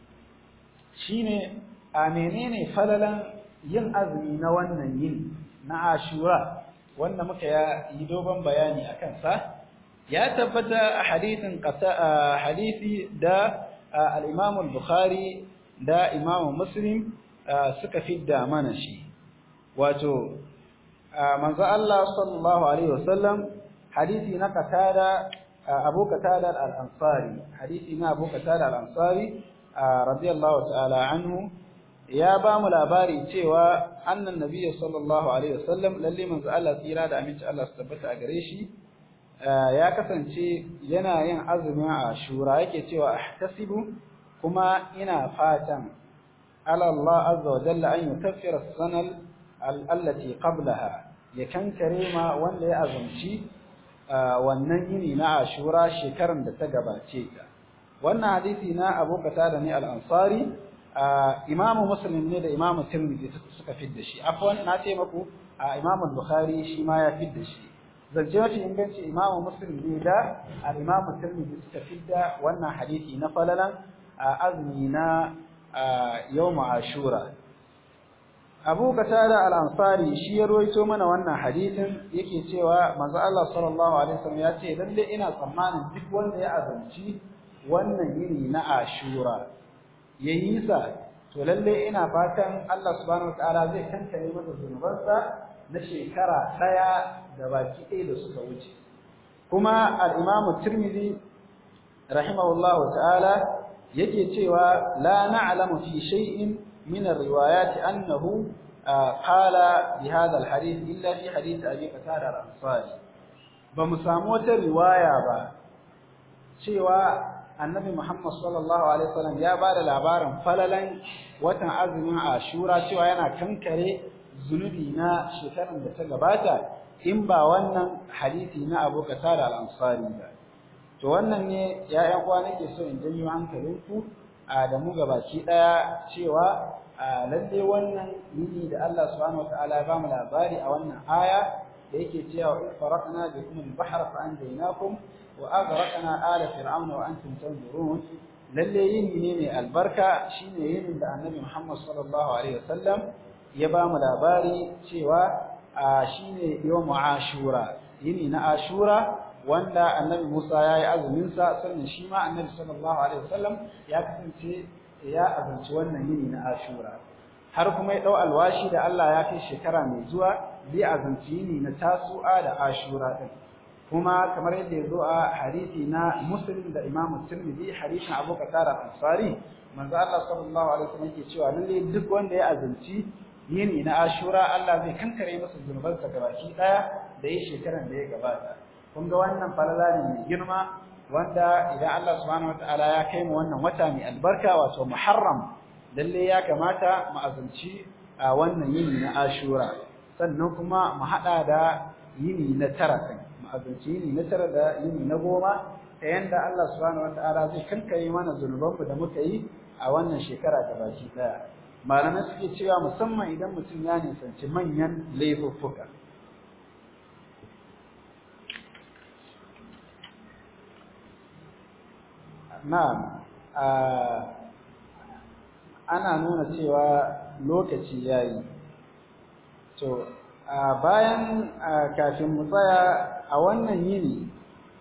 shine a menene falalan yin azumi na wannan yin na Ashura wanda muka yi dogon bayani akan sa ya tabbata a hadithin hadisi da al bukhari da Imam Muslim suka fidda mana shi wato manzo Allah sallallahu alaihi wasallam hadisi na katada uh, abu katada hadisi na abu katada ansari uh, radiyallahu ta'ala anhu ya bamu mu labari cewa annan nabiyyu sallallahu alaihi wasallam lalle manzo Allah tsira da aminci Allah su tabbata a gare shi uh, ya kasance yana yin azumin ashura yake cewa ahtasibu kuma ina fatan ala Allah azza wa jalla an yukaffira as-sanal allati qablaha ya kankare ma wanda ya azumci wannan yini na ashura shekaran da ta gabace ta wannan hadisi na abu da ne al-ansari imamu muslim ne da imamu tirmidhi suka fidda shi afwan na ce maku imamu bukhari shi ma ya fidda shi zance mafi inganci imamu muslim ne da a imamu tirmidhi suka fidda wannan hadisi na falalan azumi na yau ashura Abu Qatada al-Ansari shi ya roito mana wannan hadisin yake cewa manzo Allah sallallahu alaihi wasallam ya ce lalle ina tsammanin duk wanda ya azanci wannan yini na Ashura yi sa to lalle ina fatan Allah subhanahu wataala zai kankare masa zunubansa na shekara daya da baki ɗaya da suka wuce kuma al-Imam Tirmidhi rahimahullahu ta'ala yake cewa la na'lamu fi shay'in من الروايات أنه قال بهذا الحديث إلا في حديث أبي قتادة الأنصاري بمساموة رواية با شوى annabi Muhammad sallallahu alaihi wasallam ya bada labarin falalan watan azumin a shura, cewa yana kankare zunubi na shekaran da ta gabata in ba wannan hadisi na Abu Qatada al-Ansari ba to wannan ne ya ƴan uwa nake so in janyo hankalinku Adamu gabaki ɗaya cewa lalle wannan yini da Allah subhanahu wataala ya bamu labari a wannan aya da yake cewa faraqna bikum al-bahra fa anjaynakum wa aghraqna ala fir'auna wa antum tanzurun lalle yin ne mai albarka shine yin da Annabi Muhammad sallallahu alaihi wasallam ya bamu labari cewa shine yawmu ashura yini na ashura wanda annabi Musa ya yi azuminsa sannan shi ma annabi sallallahu alaihi wasallam ya kasance ya azumci wannan yini na Ashura har kuma ya dau alwashi da Allah ya kai shekara mai zuwa zai azumci yini na Tasu'a da Ashura din kuma kamar yadda ya zo a hadisi na Muslim da Imam Tirmidhi hadisin Abu Qatada Ansari manzo Allah sallallahu alaihi wasallam yake cewa lalle duk wanda ya azumci yini na Ashura Allah zai kankare masa zunubansa gabaki daya da ya shekaran da ya gabata kun ga wannan falala ne mai girma wanda idan Allah subhanahu wataala ya kai mu wannan wata mai albarka wato Muharram lalle ya kamata mu azumci wannan yini na Ashura sannan kuma mu hada da yini na tara kai mu azumci yini na tara da yini na goma ta yanda Allah subhanahu wataala zai kankare mana zunubanmu da muka yi a wannan shekara ta baki daya malamai suke cewa musamman idan mutum ya nisanci manyan laifuffuka na'am ana nuna cewa lokaci yayi to bayan kafin mu tsaya a wannan yini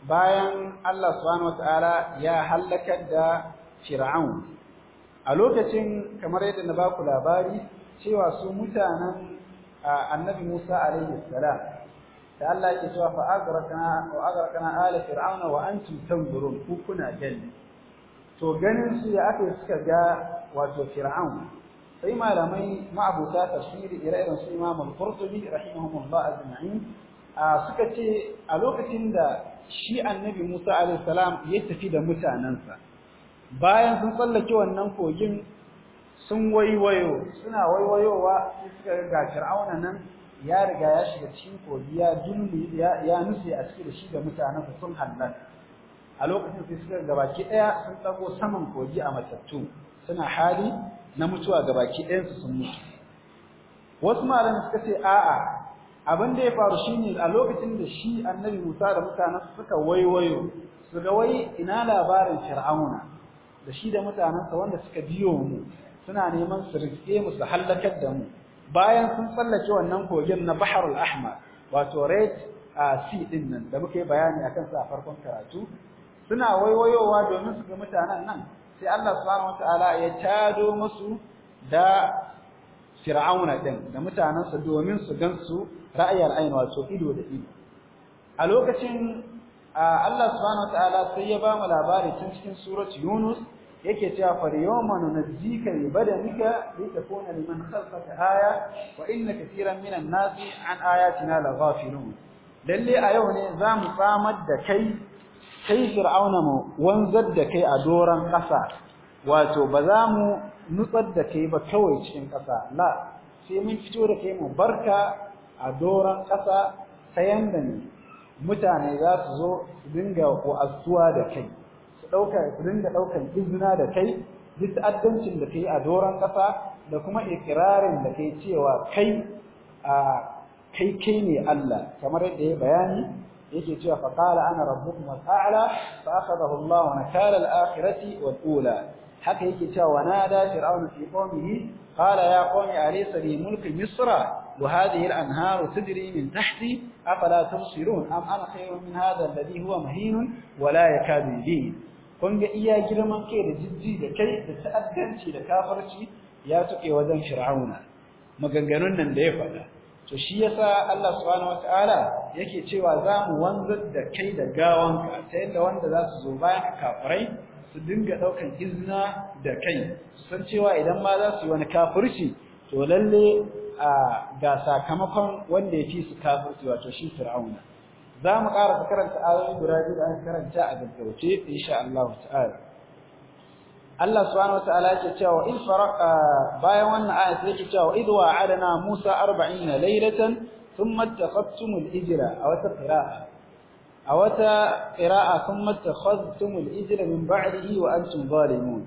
bayan Allah subhanahu wataala ya halakar da Fir'aun a lokacin kamar yadda na baku labari cewa su mutanen Annabi Musa alayhi salam da Allah ya ce fa azrakna wa azrakna ala fir'auna wa antum tanzurun ku kuna gani to ganin su ya aka suka ga wato fir'aun sai malamai ma'abuta tafsiri ire-iren su Imam Al-Qurtubi rahimahumullah ajma'in suka ce a lokacin da shi Annabi Musa alaihi salam ya tafi da mutanansa bayan sun tsallake wannan kogin sun waiwayo suna waiwayowa sai suka ga fir'auna nan ya riga ya shiga cikin kogi ya dulmi ya nufi a cikin shi da mutanansa sun halaka a lokacin sai suka gabaki daya sun tsago saman kogi a matattu suna hali na mutuwa gabaki ɗayan su sun mutu wasu malamin suka ce a'a abin da ya faru shine a lokacin da shi annabi Musa da mutanen suka waiwayo su ga wai ina labarin fir'auna da shi da mutanensa wanda suka biyo mu suna neman su rike mu su halakar da mu bayan sun tsallake wannan kogin na Baharul Ahmar wato Red ah, Sea din nan da muka yi bayani akan sa a farkon karatu suna waiwayowa domin su ga mutanen nan sai Allah subhanahu wataala ya tado musu da fir'auna din da mutanansa domin su gansu ra'ayar ayin wato ido da ido a lokacin Allah subhanahu wataala sai ya ba mu labari tun cikin surat Yunus yake cewa far yawma nunajjika bi badanika litakuna liman khalqaka aya wa inna katiran minan nasi an ayatina laghafilun lalle a yau ne zamu tsamar da kai kai fir'auna mu wanzar da kai a doran ƙasa wato ba za mu nutsar da kai ba kawai cikin ƙasa la sai mun fito da kai mu barka a doran ƙasa ta yanda ne mutane za su zo su dinga wa'azuwa da kai su ɗauka su dinga ɗaukan izina da kai duk ta'addancin da kai a doran ƙasa da kuma ikirarin da kai cewa kai a kai kai ne Allah kamar yadda ya bayani yake cewa fa qala ana rabbukum al-a'la fa akhadahu Allah nakala al-akhirati wal ula haka yake cewa nada fir'aun fi qawmihi qala ya qawmi alaysa li mulki misra wa hadhihi al-anharu tajri min tahti afala tubsirun am ana khayrun min hadha alladhi huwa mahin wa la yakadu yudin kun ga iya girman kai da jijji da kai da ta'addanci da kafirci ya tuke wajen fir'auna maganganun nan da ya faɗa to shi yasa Allah subhanahu wataala yake cewa za mu wanzar da kai da gawanka ta yadda wanda za su zo bayan kafirai su dinga daukan izina da kai san cewa idan ma za su yi wani kafirci to lalle a ga sakamakon wanda ya fi su kafirci wato shi fir'auna za mu ƙara karanta ayoyi guda biyu da an karanta a gaggauce insha Allah ta'ala Allah subhanahu wataala yake cewa in bayan wannan aya sai yake cewa idh wa'adna Musa 40 laylatan thumma takhastumul ijra aw taqra'a aw taqra'a thumma takhastumul ijra min ba'dihi wa antum zalimun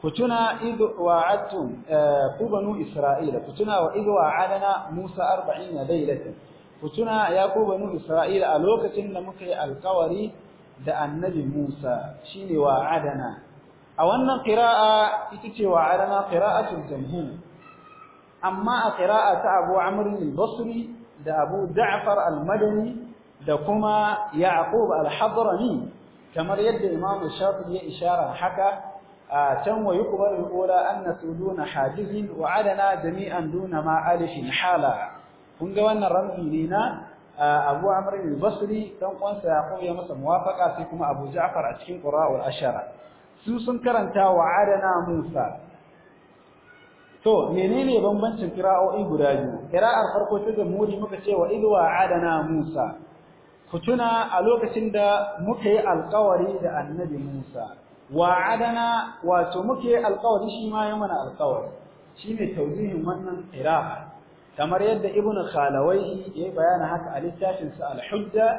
kutuna idh wa'adtum eh, kubanu isra'ila kutuna wa idh wa'adna Musa 40 laylatan kutuna ya kubanu isra'ila a lokacin da muka yi alkawari da annabi Musa shine wa'adana a wannan qira'a ita ce wa arana qira'atul jamhur amma a qira'a ta Abu Amr al-Basri da Abu Ja'far al-Madani da kuma Yaqub al-Hadrami kamar yadda Imam Shafi'i ya ishara haka a can wa yuqbar al-ula anna suduna hadizin wa adana jami'an duna ma alifin hala kun ga wannan ramzi ne na Abu Amr al-Basri dan kwansa Yaqub ya masa muwafaqa sai kuma Abu Ja'far a cikin Qura'ul Ashara su sun karanta wa adana Musa to menene bambancin kira'o'i guda biyu kira'ar farko ta jamhuri muka ce wa wa adana Musa kutuna a lokacin da muka yi alkawari da annabi Musa wa adana wato muke alkawari shi ma ya mana alƙawari ne tauzihin wannan kira'a. kamar yadda ibnu khalawai yayi bayana haka a littafin sa al-hujja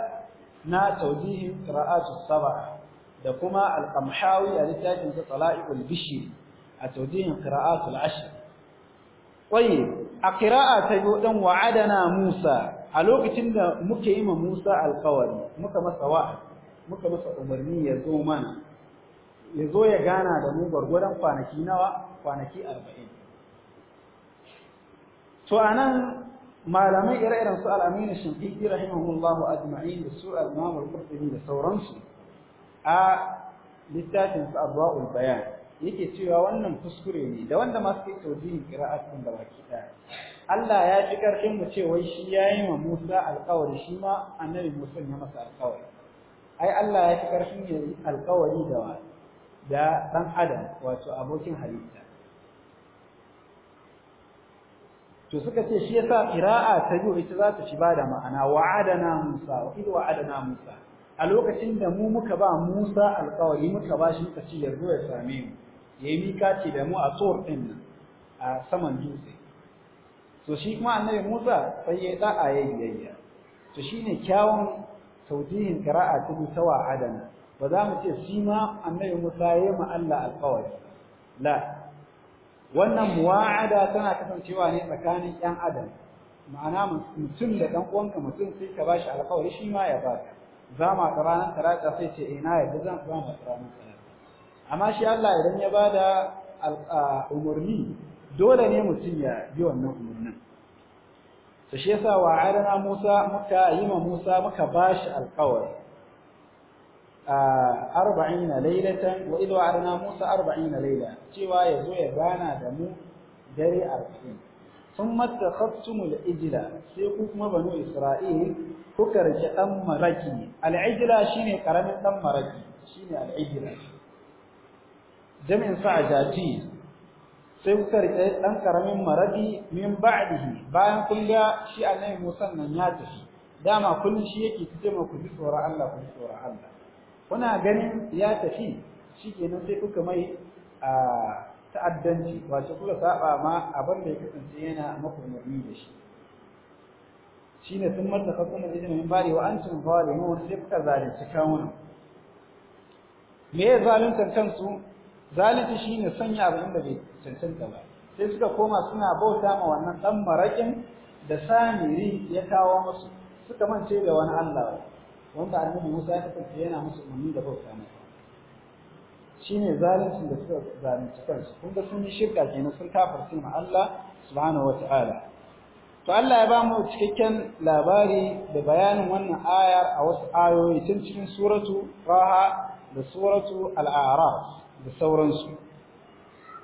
na tauzihin qira'atu sab'a da kuma al-qamhawi a littafin sa tala'iqul bishri a tawdihin qira'atul ashr tayyib a qira'a ta biyu dan wa'adana Musa a lokacin da muke yi ma Musa alƙawari, muka masa muka masa umarni ya zo mana ya zo ya gana da mu gwargwadon kwanaki nawa kwanaki 40 to anan malamai ire-iren su al-Amin Shinqiti rahimahullahu ajma'in da su al-Imam al-Qurtubi da sauransu a littafin su abuwa bayan yake cewa wannan kuskure ne da wanda masu suke tawjihin qira'at din da baki ɗaya Allah ya ji ƙarfin mu ce wai shi ya yi ma Musa alƙawari shi ma annabi Musa ya masa alƙawari ai Allah ya ji ƙarfin ya yi alƙawari da da ɗan adam wato abokin halitta to suka ce shi yasa qira'a ta biyu ita za ta ci ba da ma'ana wa'adana Musa wa idh wa'adana Musa a lokacin da mu muka ba Musa alƙawari muka ba shi muka ce ya ya same mu ya yi mika ce da mu a tsor ɗin nan a saman dutse to shi kuma annabi Musa sai ya da'a yayi yayya to shine kyawun tawjihin qira'a ta tawa adana ba za mu ce shi ma annabi Musa ya ma Allah alƙawari la wannan muwa'ada tana kasancewa ne tsakanin ɗan adam ma'ana mutum da ɗan uwanka mutum sai ka bashi alƙawari shi ma ya ka. za mu haɗu ranar talata sai ce ina eh, yadda zan za mu ranar talata amma shi Allah idan ya ba da umarni dole ne mutum ya yi wannan umarnin to shi yasa wa adana Musa muka yi ma Musa muka bashi alƙawari arba'in lailatan wa idwa adana Musa arba'in laila cewa ya zo ya gana da mu dare arba'in sun mata haftumul ijila sai ku kuma banu isra'il ku karshe dan maraki al'ijila shine karamin dan maraki shine al'ijila jami'in sa'ajati sai ku ɗan dan karamin maraki min ba'dihi bayan kun ga shi nan Musa nan ya tafi dama kun shi yake tace ma ku tsora Allah ku tsora Allah kuna ganin ya tafi shikenan sai kuka mai a ta'addanci shi kula saba ma abin da ya kasance yana maku umarni da shi shine sun mata kasuwar da izinin bari wa antum zalimun sai kuka zalunci kawunan me ya zaluntar kansu zalunci shine sanya abin da bai cancanta ba sai suka koma suna bauta ma wannan dan marakin da samiri ya kawo musu suka mance da wani Allah wanda annabi Musa ya kasance yana musu umarni da bauta masa shine zalincin da suka zalunci kansu kun sun yi shirka kenan sun kafirce ma Allah subhanahu wataala to Allah ya ba mu cikakken labari da bayanin wannan ayar a wasu ayoyi tun cikin suratu Raha da suratu al da sauransu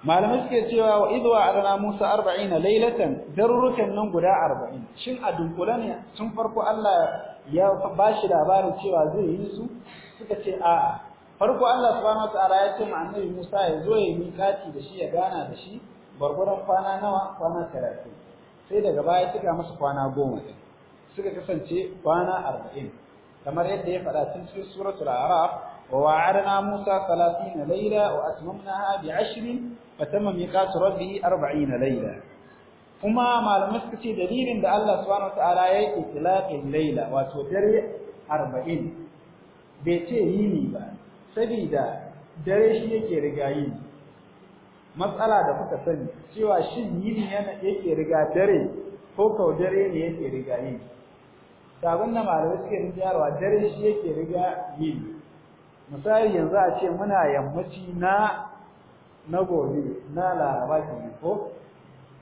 malamai suke cewa wa idwa adana Musa 40 lailatan darrukan nan guda arba'in, shin a dunkule ne sun farko Allah ya bashi labarin cewa zai yi su suka ce a'a farko Allah subhanahu wataala ya ce annabi Musa ya zo ya miƙati da shi ya gana da shi barbaran kwana nawa kwana 30 sai daga baya cika masa kwana 10 suka kasance kwana 40 kamar yadda ya faɗa cikin cikin suratul a'raf wa wa'adna Musa 30 layla wa atmamnaha bi 'ashrin fatamma miqatu rabbih 40 layla kuma malamai suka ce dalilin da Allah subhanahu wataala ya yi itlaqin layla wato dare 40 bai ce yini ba Sabida dare shi yake riga matsala da kuka sani cewa shin yini yana yake riga dare ko kau dare ne yake riga yini sabon da malamai suke jarawa dare shi yake riga yin. misali yanzu a ce muna yammaci na na gobe na laraba ke ko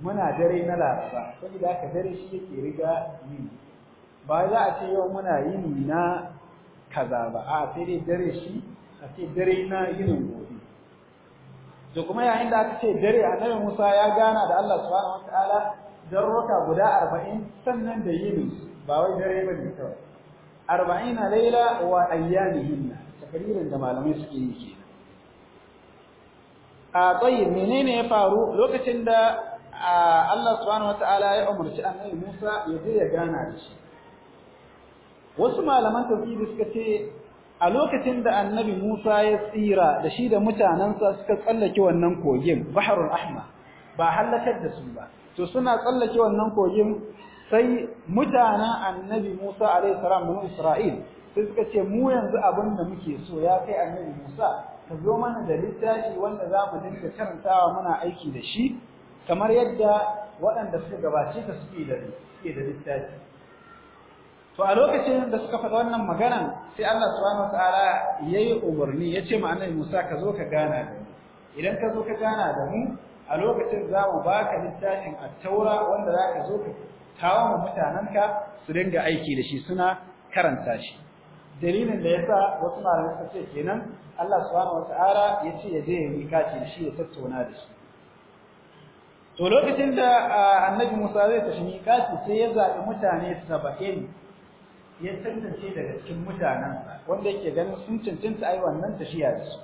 muna dare na laraba saboda haka dare shi yake riga yin. ba za a ce yau muna yini na kaza ba a sai dai dare shi a ce dare na yinin gobe Da kuma yayin da aka ce dare a nan Musa ya gana da Allah subhanahu wataala dan roka guda 40 sannan da yinin ba wai dare ba ne kawai 40 laila wa ayyamihinna takririn da malamai suke yi ke a tsayi menene ya faru lokacin da Allah subhanahu wataala ya umarci annabi Musa ya je ya gana da shi wasu malaman tafsiri suka ce a lokacin da annabi Musa ya tsira da shi da mutanansa suka tsallake wannan kogin bahrul ahma ba halakar da su ba to suna tsallake wannan kogin sai mutanen annabi Musa alaihi salam da Isra'il sai suka ce mu yanzu abin da muke so ya kai annabi Musa ka zo mana da littafi wanda za mu dinga karantawa muna aiki da shi kamar yadda waɗanda suka gabace ka suke da littafi to a lokacin da suka faɗa wannan maganan sai Allah subhanahu wataala yi umarni yace ma annabi Musa ka zo ka gana da mu idan ka zo ka gana da mu a lokacin za mu baka littafin at-taura wanda za ka zo ka kawo mu mutanenka su dinga aiki da shi suna karanta shi dalilin da yasa wasu malamai suka ce kenan Allah subhanahu wataala yace ya je ya yi mikaci shi ya tattauna da shi to lokacin da annabi Musa zai tashi mikaci sai ya zaɓi mutane 70 ya tantance daga cikin mutanen wanda yake ganin sun cancanta ai wannan tafiya da su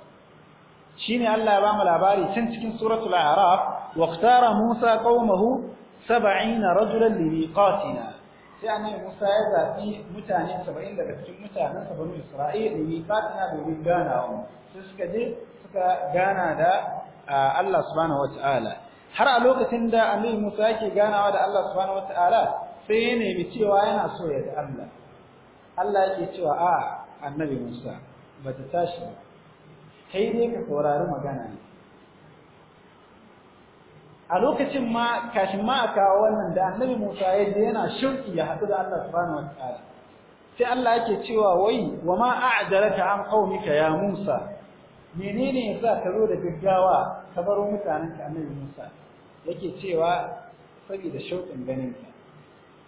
shine Allah ya ba mu labari can cikin suratul a'raf waqtara musa qaumahu 70 rajulan liqatina sai annabi Musa ya zaɓi mutane 70 daga cikin mutanen sa banu Isra'ila ne fatina gana ganawa sai suka je suka gana da Allah subhanahu wataala har a lokacin da annabi Musa yake ganawa da Allah subhanahu wataala sai ya nemi cewa yana so ya ga Allah Allah yake cewa a annabi Musa ba ta tashi ba kai dai ka saurari magana ne a lokacin ma kashin ma a wannan da annabi Musa ya je yana shauki ya haɗu da Allah subhanahu wataala sai Allah yake cewa wai wa ma a'jaraka an qaumika ya Musa menene yasa ka zo da gaggawa ka baro mutanenka annabi Musa yake cewa saboda shauƙin ganin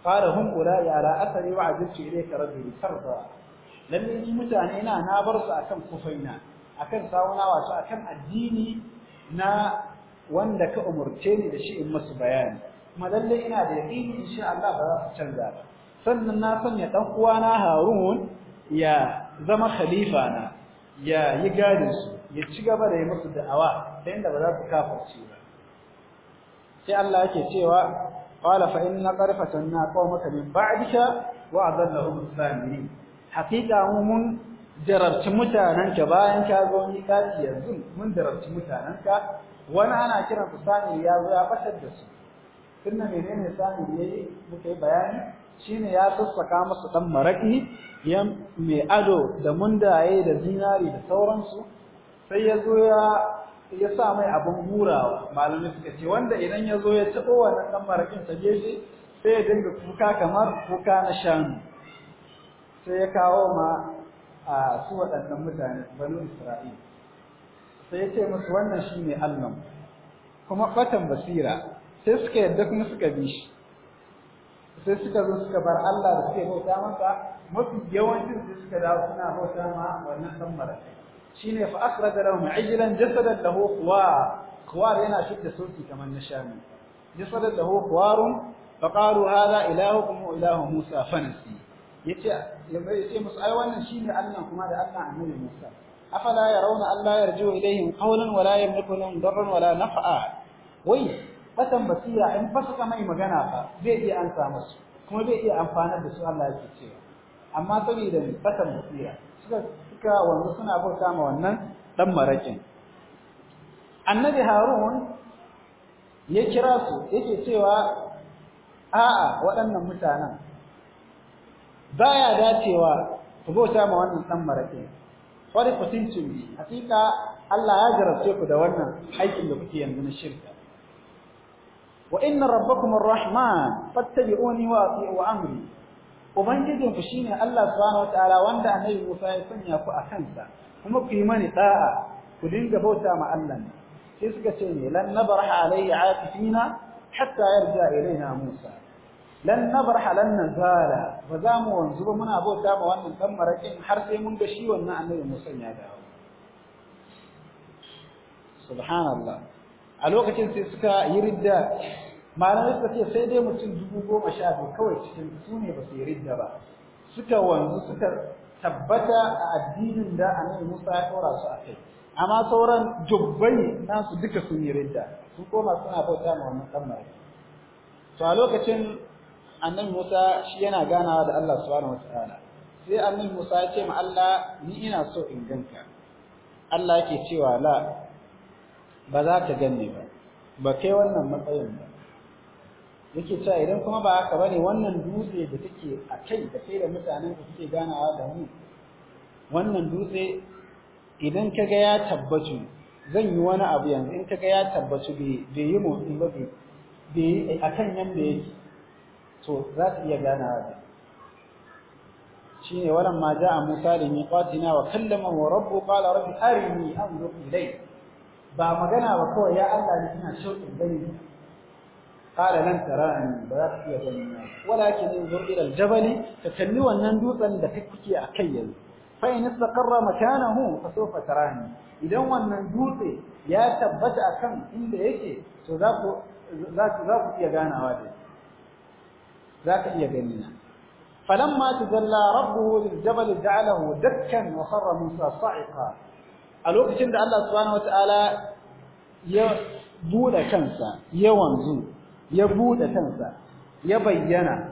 قال هم أولئي على أثري وعجبت إليك رجل ترضى لم يجي na bar su akan kufaina, akan ساونا واسو akan addini na wanda ka umurce ni da shi in masu bayani kuma lalle ina da yaqini insha Allah ba za su canza ba sannan na sanya dan uwana Harun ya zama khalifa na ya yi gadi su ya ci gaba da yi musu da'awa ta yadda ba za su kafirce ba sai Allah yake cewa in قال فإن قد فتنا قومك من بعدك وأضلهم السامرين حقيقة من jararci mutanenka bayan ka zo ni yanzu mun jararci mutanenka wani ana kiran su sami ya zo ya da su tunda menene sami yayi muka yi bayani shine ya sassaka musu dan maraki ya mai ado da mundaye da zinari da sauransu sai ya zo ya ya sa mai abin hurawa malami suka ce wanda idan ya zo ya taɓo wannan ɗan marakin ta gefe sai ya dinga kuka kamar kuka na shanu sai ya kawo ma a su waɗannan mutane banu Isra'il. sai ya ce musu wannan shi ne allon kuma fatan basira sai suka yadda kuma suka bi shi sai suka zo suka bar allah da suke bauta masa mafi yawancin sai suka dawo suna bauta ma wannan ɗan marakin shine fa akhraja lahum ajlan jasadan lahu khawar khawar yana shidda sauti kamar na shami jasadan lahu khawarun fa qalu hadha ilahukum wa ilahu musa fanasi yace yace musu ai wannan shine Allah kuma da Allah annabi Musa afala yarawna alla yarju ilayhim qawlan wala yamliku lahum darran wala naf'a wai fatan basira in fasaka mai magana fa zai iya ansa musu kuma zai iya amfanar da su Allah yake cewa amma saboda fatan basira suka shirka wanzu suna bauta ma wannan dan marakin annabi harun ya kira su yake cewa a'a waɗannan mutanen baya dacewa ku bauta ma wannan dan marakin wani kusincin bi hakika Allah ya jarabce ku da wannan aikin da kuke yanzu na shirka wa inna rabbakum arrahman fattabi'uni wa ati'u amri ubangijinku shi shine Allah subhanahu Ta'ala wanda annabi Musa ya sanya ku a kansa kuma ku yi mani ɗa'a, ku dinga bauta ma Allah ne sai suka ce ne lan nabraha alayhi atifina hatta yarja ilaina Musa lan nabraha lan nazala ba za mu wanzu ba muna bauta ma wannan ɗan marakin har sai mun ga shi wannan annabi Musa ya dawo subhanallah a lokacin sai suka yi ridda malamai suka ce sai dai mutum dubu goma sha biyu kawai cikin su ne ba su yi ridda ba suka wanzu suka tabbata a addinin da annabi Musa ya ɗora su a kai amma sauran dubbai nasu duka sun yi ridda sun koma suna bauta ma wannan to a lokacin annabi Musa shi yana ganawa da Allah subhanahu wataala sai annabi Musa ya ce ma Allah ni ina so in ganka Allah yake cewa la ba za ka ganni ba ba kai wannan matsayin ba yake cewa idan kuma ba haka bane wannan dutse da take a kai da kai da mutanen da suke ganawa da mu wannan dutse idan kaga ya tabbatu zan yi wani abu yanzu in kaga ya tabbatu bai yi motsi ba bai kan akan yanda yake to za ka iya ganawa da shine wannan ma ja'a Musa li miqatina wa wa rabbu qala rabbi arini anzur ilayk ba magana ba kawai ya Allah ni ina shauƙin gani قال لن تراني بذات يا جنة ولكن انظر إلى الجبل تتلوى النندوسا لتكتي أكيل فإن استقر مكانه فسوف تراني إذا هو النندوس يا تبتع كم إن ليك ذاك ذاك يغانا وادي ذاك يغنينا فلما تجلى ربه للجبل جعله دكا وخر موسى صعقا a lokacin da Allah subhanahu wataala ya bude kansa ya wanzu ya buɗe kansa ya bayyana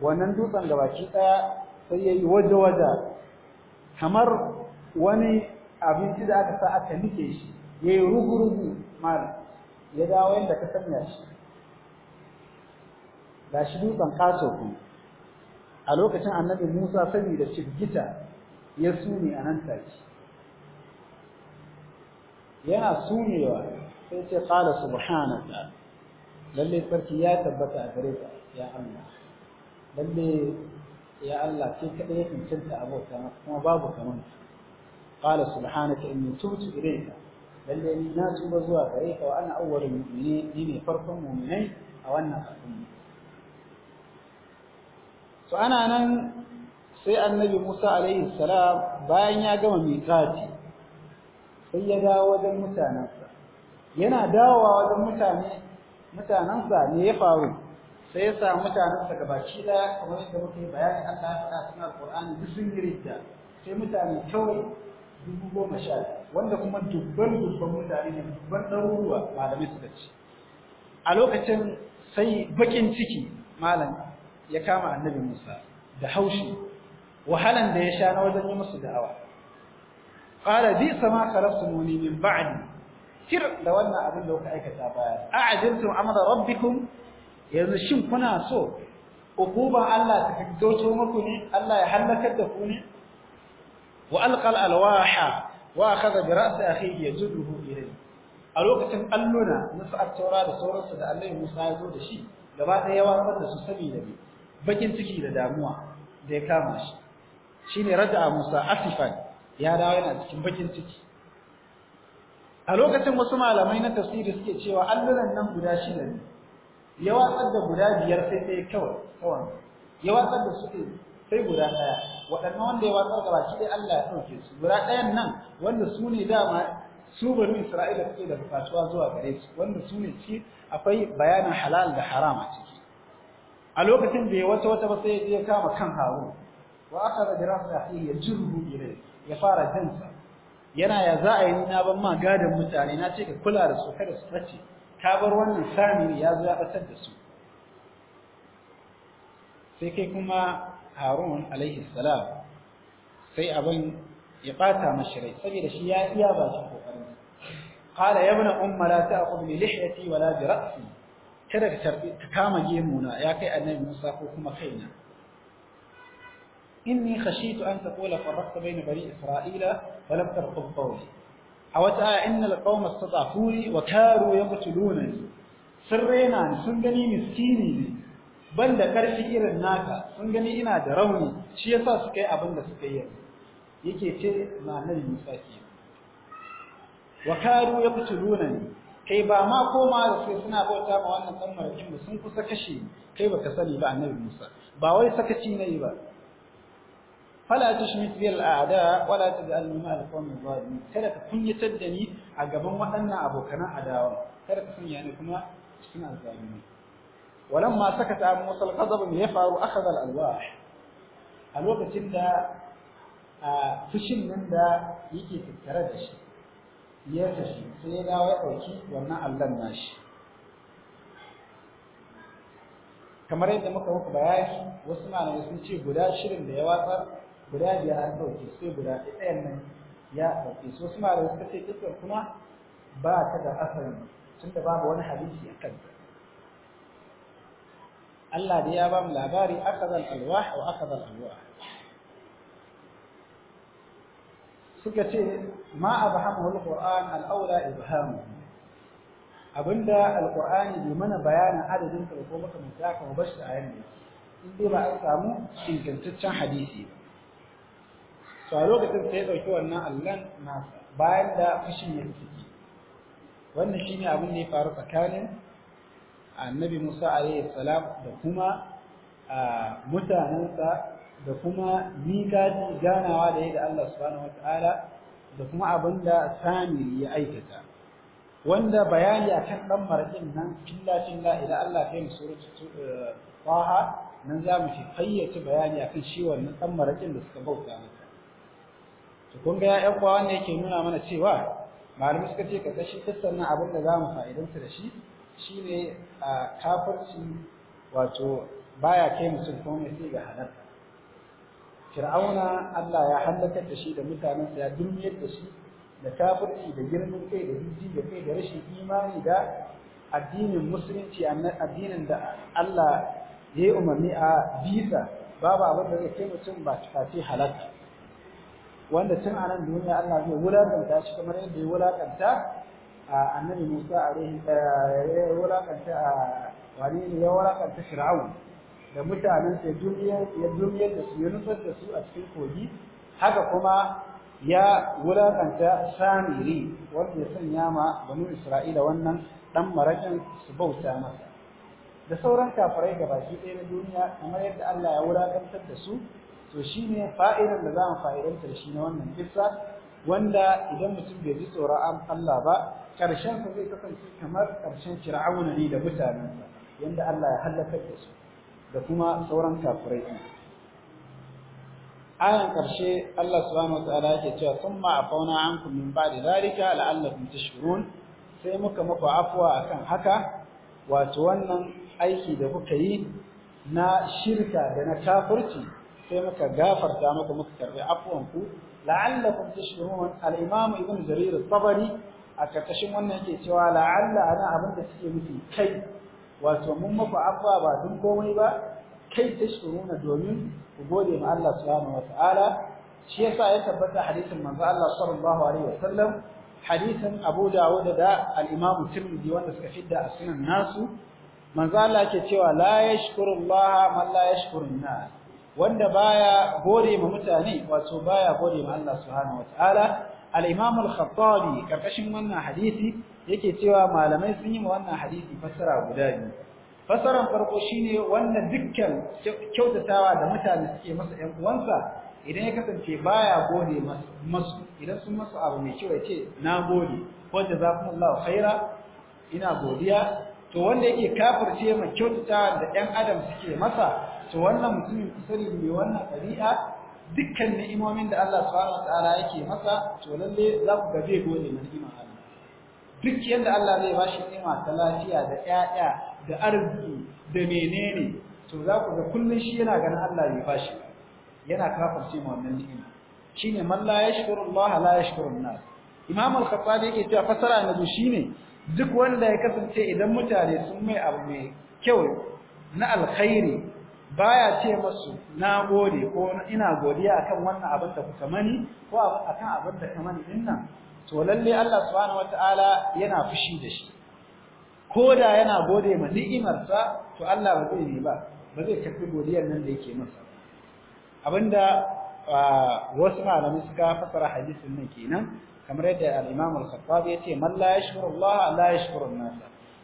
wannan dutsen gabaki ɗaya sai ya waje-waje kamar wani abinci da aka sa aka nike shi ya yi rugu-rugu mara ya dawo yadda ka sanya shi ga shi dutsen kaso ku a lokacin annabi musa saboda shirgita ya sune a nan take yana sunewa sai ce qala subhanaka lalle sarki ya tabbata a gare ka ya Allah lalle ya Allah sai kada ya cancanta abota maka kuma babu kaman qala subhanaka inni tubtu ilayka lalle ni na tuba zuwa gare ka wa ana awwalul mu'minin ni ne farkon mu'minai a wannan al'umma to ana nan sai annabi Musa alaihi salam bayan ya gama miƙati sai ya dawo wajen mutanensa yana dawowa wajen mutane Mutanensa ne ya faru sai ya sa mutanensa gabaci daya kamar yadda muke bayani Allah ya faɗa cikin Alƙur'ani duk sun girita sai mutane kawai dubu goma sha wanda kuma dubban dubban mutane ne dubban ɗaruruwa malamai suka ce a lokacin sai bakin ciki malam ya kama annabi Musa da haushi wahalan da ya sha na wajen yi musu da'awa qala bi sama kharastumuni min ba'di tir da wannan abin da kuka aikata baya a'ajiltum amra rabbikum yanzu shin kuna so ukuban Allah ta gaggauto muku ne Allah ya halakar da ku ne wa alqal alwaha wa akhadha bi ra's akhihi yajuduhu ilayhi a lokacin alluna na sa'ar taura da sauransu da Allah Musa ya zo da shi gaba ɗaya ya watsar da su saboda ne bakin ciki da damuwa da ya kama shi shine a Musa asifan ya dawo yana cikin bakin ciki a lokacin wasu malamai na tafsiri suke cewa allunan nan guda shida ne ya watsar da guda biyar sai sai kawai kawai ya watsar da suke sai guda ɗaya waɗannan wanda ya watsar da baki dai Allah ya ɗauke su guda ɗayan nan wanda su ne dama su bari Isra'ila suke da bukatuwa zuwa gare su wanda su ne ci akwai bayanin halal da haram a ciki a lokacin da ya wata wata ba sai ya je kama kan Harun wa akhadha bi ra'si akhihi yajruhu ilayhi ya fara jinsa yana ya za a yi na ban ma gadon mutane na ce ka kula da su kada su bace ka bar wannan samiri ya zo ya batar da su sai kai kuma harun alaihi salam sai abin ya bata mashi rai saboda shi ya iya ba shi kokarin qala ya ibn umma la ta'khudh bi lihyati wala bi ra'si kada ka tarbi ka kama gemuna ya kai annabi Musa ko kuma kaina inni khashitu an taqula farraqta bayna bani isra'ila ولم ترقب قولي أو تعالى إن القوم استضعفوني وكانوا يقتلونني سرينا sun gani miskini ne banda karfi irin naka sun gani ina da rauni shi yasa suka yi abin da suka yi yake ce ma'anar Musa ke wa karu yaqtulunani kai ba ma koma da sai suna bauta ma wannan dan marakin sun kusa kashe kai baka sani ba annabi Musa ba wai sakaci ne ba fala tushmit bil a'da wala taj'alni ma'al qawmi zalimin kada ka kunyatar da ni a gaban waɗannan abokan adawa kada ka kunya ni kuma cikin azzalimi walamma sakata an musal ghadab ya faru akhadha al alwah a lokacin da fushin nan da yake tattare da shi ya tafi sai ya dawo ya dauki wannan allan nashi kamar yadda muka muku bayani wasu malamai sun ce guda shirin da ya watsar guda biyar an ɗauke sai guda ɗayan nan ya ɗauke su wasu malamai suka ce kuma ba ta da asalin tunda babu wani hadisi a kanta Allah da ya ba mu labari akada al-alwah wa akada al suka ce ma abhamu al-Qur'an al-aula ibhamu abinda al-Qur'ani bai mana bayanin adadin ko maka mutaka mu bashi a yanda in dai ba a samu ingantaccen hadisi ba to a lokacin sai ya dauki wannan allan na bayan da fushin ya tsiki wannan shine abin da ya faru tsakanin annabi Musa alayhi salam da kuma mutanansa, da kuma miƙaji ganawa da ya da Allah subhanahu wataala da kuma abin da Sami ya aikata wanda bayani akan dan marjin nan illa illa ila Allah kai suratu eh, Taha nan za mu ci fayyace bayani akan shi wannan dan marjin da suka bauta masa to kun ga ƴan uwa wanda yake nuna mana cewa malamai suka ce ka kashi kissan nan abin da za mu fa'idanta da shi shine kafirci wato baya kai mutum mai sai ga halarta. Fir'auna Allah ya halakar da shi da mutanensa ya dunyar da shi da kafirci da girman kai da jiji da kai da rashin imani da addinin musulunci addinin da Allah ya yi umarni a bisa babu abin da zai kai mutum ba ta halaka wanda tun a nan duniya Allah zai wulakanta shi kamar yadda ya wulakanta annabi Musa alaihi eh, ya wulakanta wani ne ya wulakanta Fir'aun da mutanen sa duniya ya duniya da su ya nutsar da su a cikin kogi haka kuma ya wulakanta Samiri wanda ya sanya ma banu Isra'ila wannan dan marakin su bauta masa da sauran kafirai gabaki ɗaya na duniya kamar yadda Allah ya wulakantar da su to shi ne fa'idan da za mu fa'idanta shi na wannan kisa wanda idan mutum bai ji tsoron Allah ba karshen zai kasance kamar karshen Fir'auna ne da mutanensa yadda Allah ya halaka da su da kuma sauran kafirai ayan ƙarshe Allah subhanahu wataala yake cewa summa afauna ankum min ba'di zalika la'allakum tashkurun sai muka maka afwa akan haka wato wannan aiki da kuka yi na shirka da na kafirci sai muka gafarta muku muka karbi afwan ku la'allakum tashkurun al-imam ibn jarir tabari a karkashin wannan yake cewa la'alla ana abinda da suke kai wato mun muku afwa ba dun komai ba kai tashkuruna domin ku gode ma Allah subhanahu wata'ala shi yasa ya tabbata hadisin manzo Allah sallallahu alaihi wasallam hadisin Abu Dawud da al-Imam Tirmidhi wanda suka fidda a sunan nasu manzo Allah yake cewa la yashkurullaha man la yashkurun nas wanda baya gode ma mutane wato baya gode ma Allah subhanahu wataala al-Imam al-Khattabi karkashin wannan hadisi yake cewa malamai sun yi ma wannan hadisi fassara guda biyu fassaran farko shine wanda dukkan kyautatawa da mutane suke masa ƴan uwansa idan ya kasance baya gode masu idan sun masu abu mai kyau ce na gode ko jazakumullahu khaira ina godiya to wanda yake kafirce ma kyautatawa da ƴan adam suke masa to wannan mutumin kusuri mai wannan ɗabi'a dukkan ni'imomin da Allah subhanahu wataala yake masa to lalle za ku ga zai gode na ni'imar Allah duk yadda Allah zai bashi ni'ima ta lafiya da ƴaƴa da arziki da menene to za ku ga kullun shi yana ganin Allah bai bashi yana kafirce ma wannan ni'ima shine man la yashkuru Allah la yashkuru an-nas Imam al-Khattabi yake cewa fasara na zu shine duk wanda ya kasance idan mutane sun mai abu mai kyau na alkhairi baya ce masu na gode ko ina godiya akan wannan abin da kuka mani ko akan abin da ka mani din nan to lalle Allah subhanahu wataala yana fushi da shi koda yana gode ma ni'imarsa to Allah ba zai yi ba ba zai tafi godiyar nan da yake masa abinda wasu malamai suka fasara hadisin nan kenan kamar yadda al-Imam al-Khattabi yace man la yashkuru Allah la yashkuru an-nas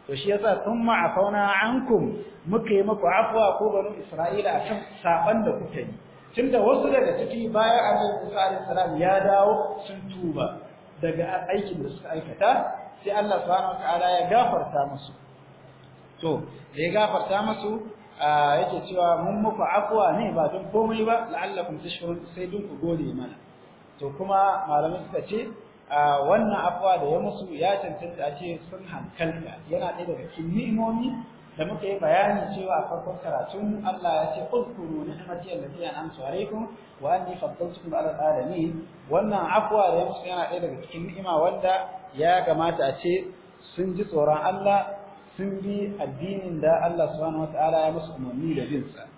to shi yasa ma afauna ankum muka yi muku afwa ko banu isra'ila a kan saban da kuka yi tunda wasu daga ciki bayan annabi Musa alaihi salam ya dawo sun tuba daga aikin da suka aikata sai Allah subhanahu wataala ya gafarta musu to da ya gafarta musu yake cewa mun muku afwa ne ba don komai ba la'allakum tashkurun sai dun ku gode mana to kuma malamin suka ce wannan afuwa da ya musu ya cancanta a ce sun hankalta yana ɗaya daga cikin ni'imomi da muka yi bayani cewa a farkon karatun Allah ya ce ulkuru ni'mati allati an'amtu alaikum wa anni faddaltukum ala alamin wannan afuwa da ya musu yana ɗaya daga cikin ni'ima wanda ya kamata a ce sun ji tsoron Allah sun bi addinin da Allah subhanahu wataala ya musu umarni da bin sa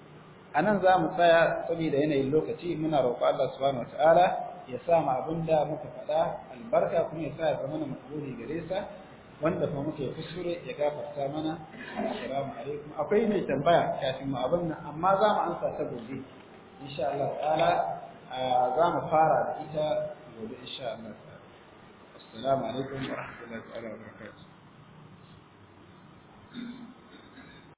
nan za mu tsaya saboda yanayin lokaci muna roƙo Allah subhanahu wataala ya sa ma abinda muka faɗa albarka kuma ya sa ya zama makbuli gare sa wanda kuma muke kuskure ya gafarta mana assalamu alaikum akwai mai tambaya kafin mu abin nan amma za mu ansa ta gobe insha Allah ta'ala za mu fara da ita gobe insha Allah ta'ala assalamu alaikum wa rahmatullahi wa barakatuh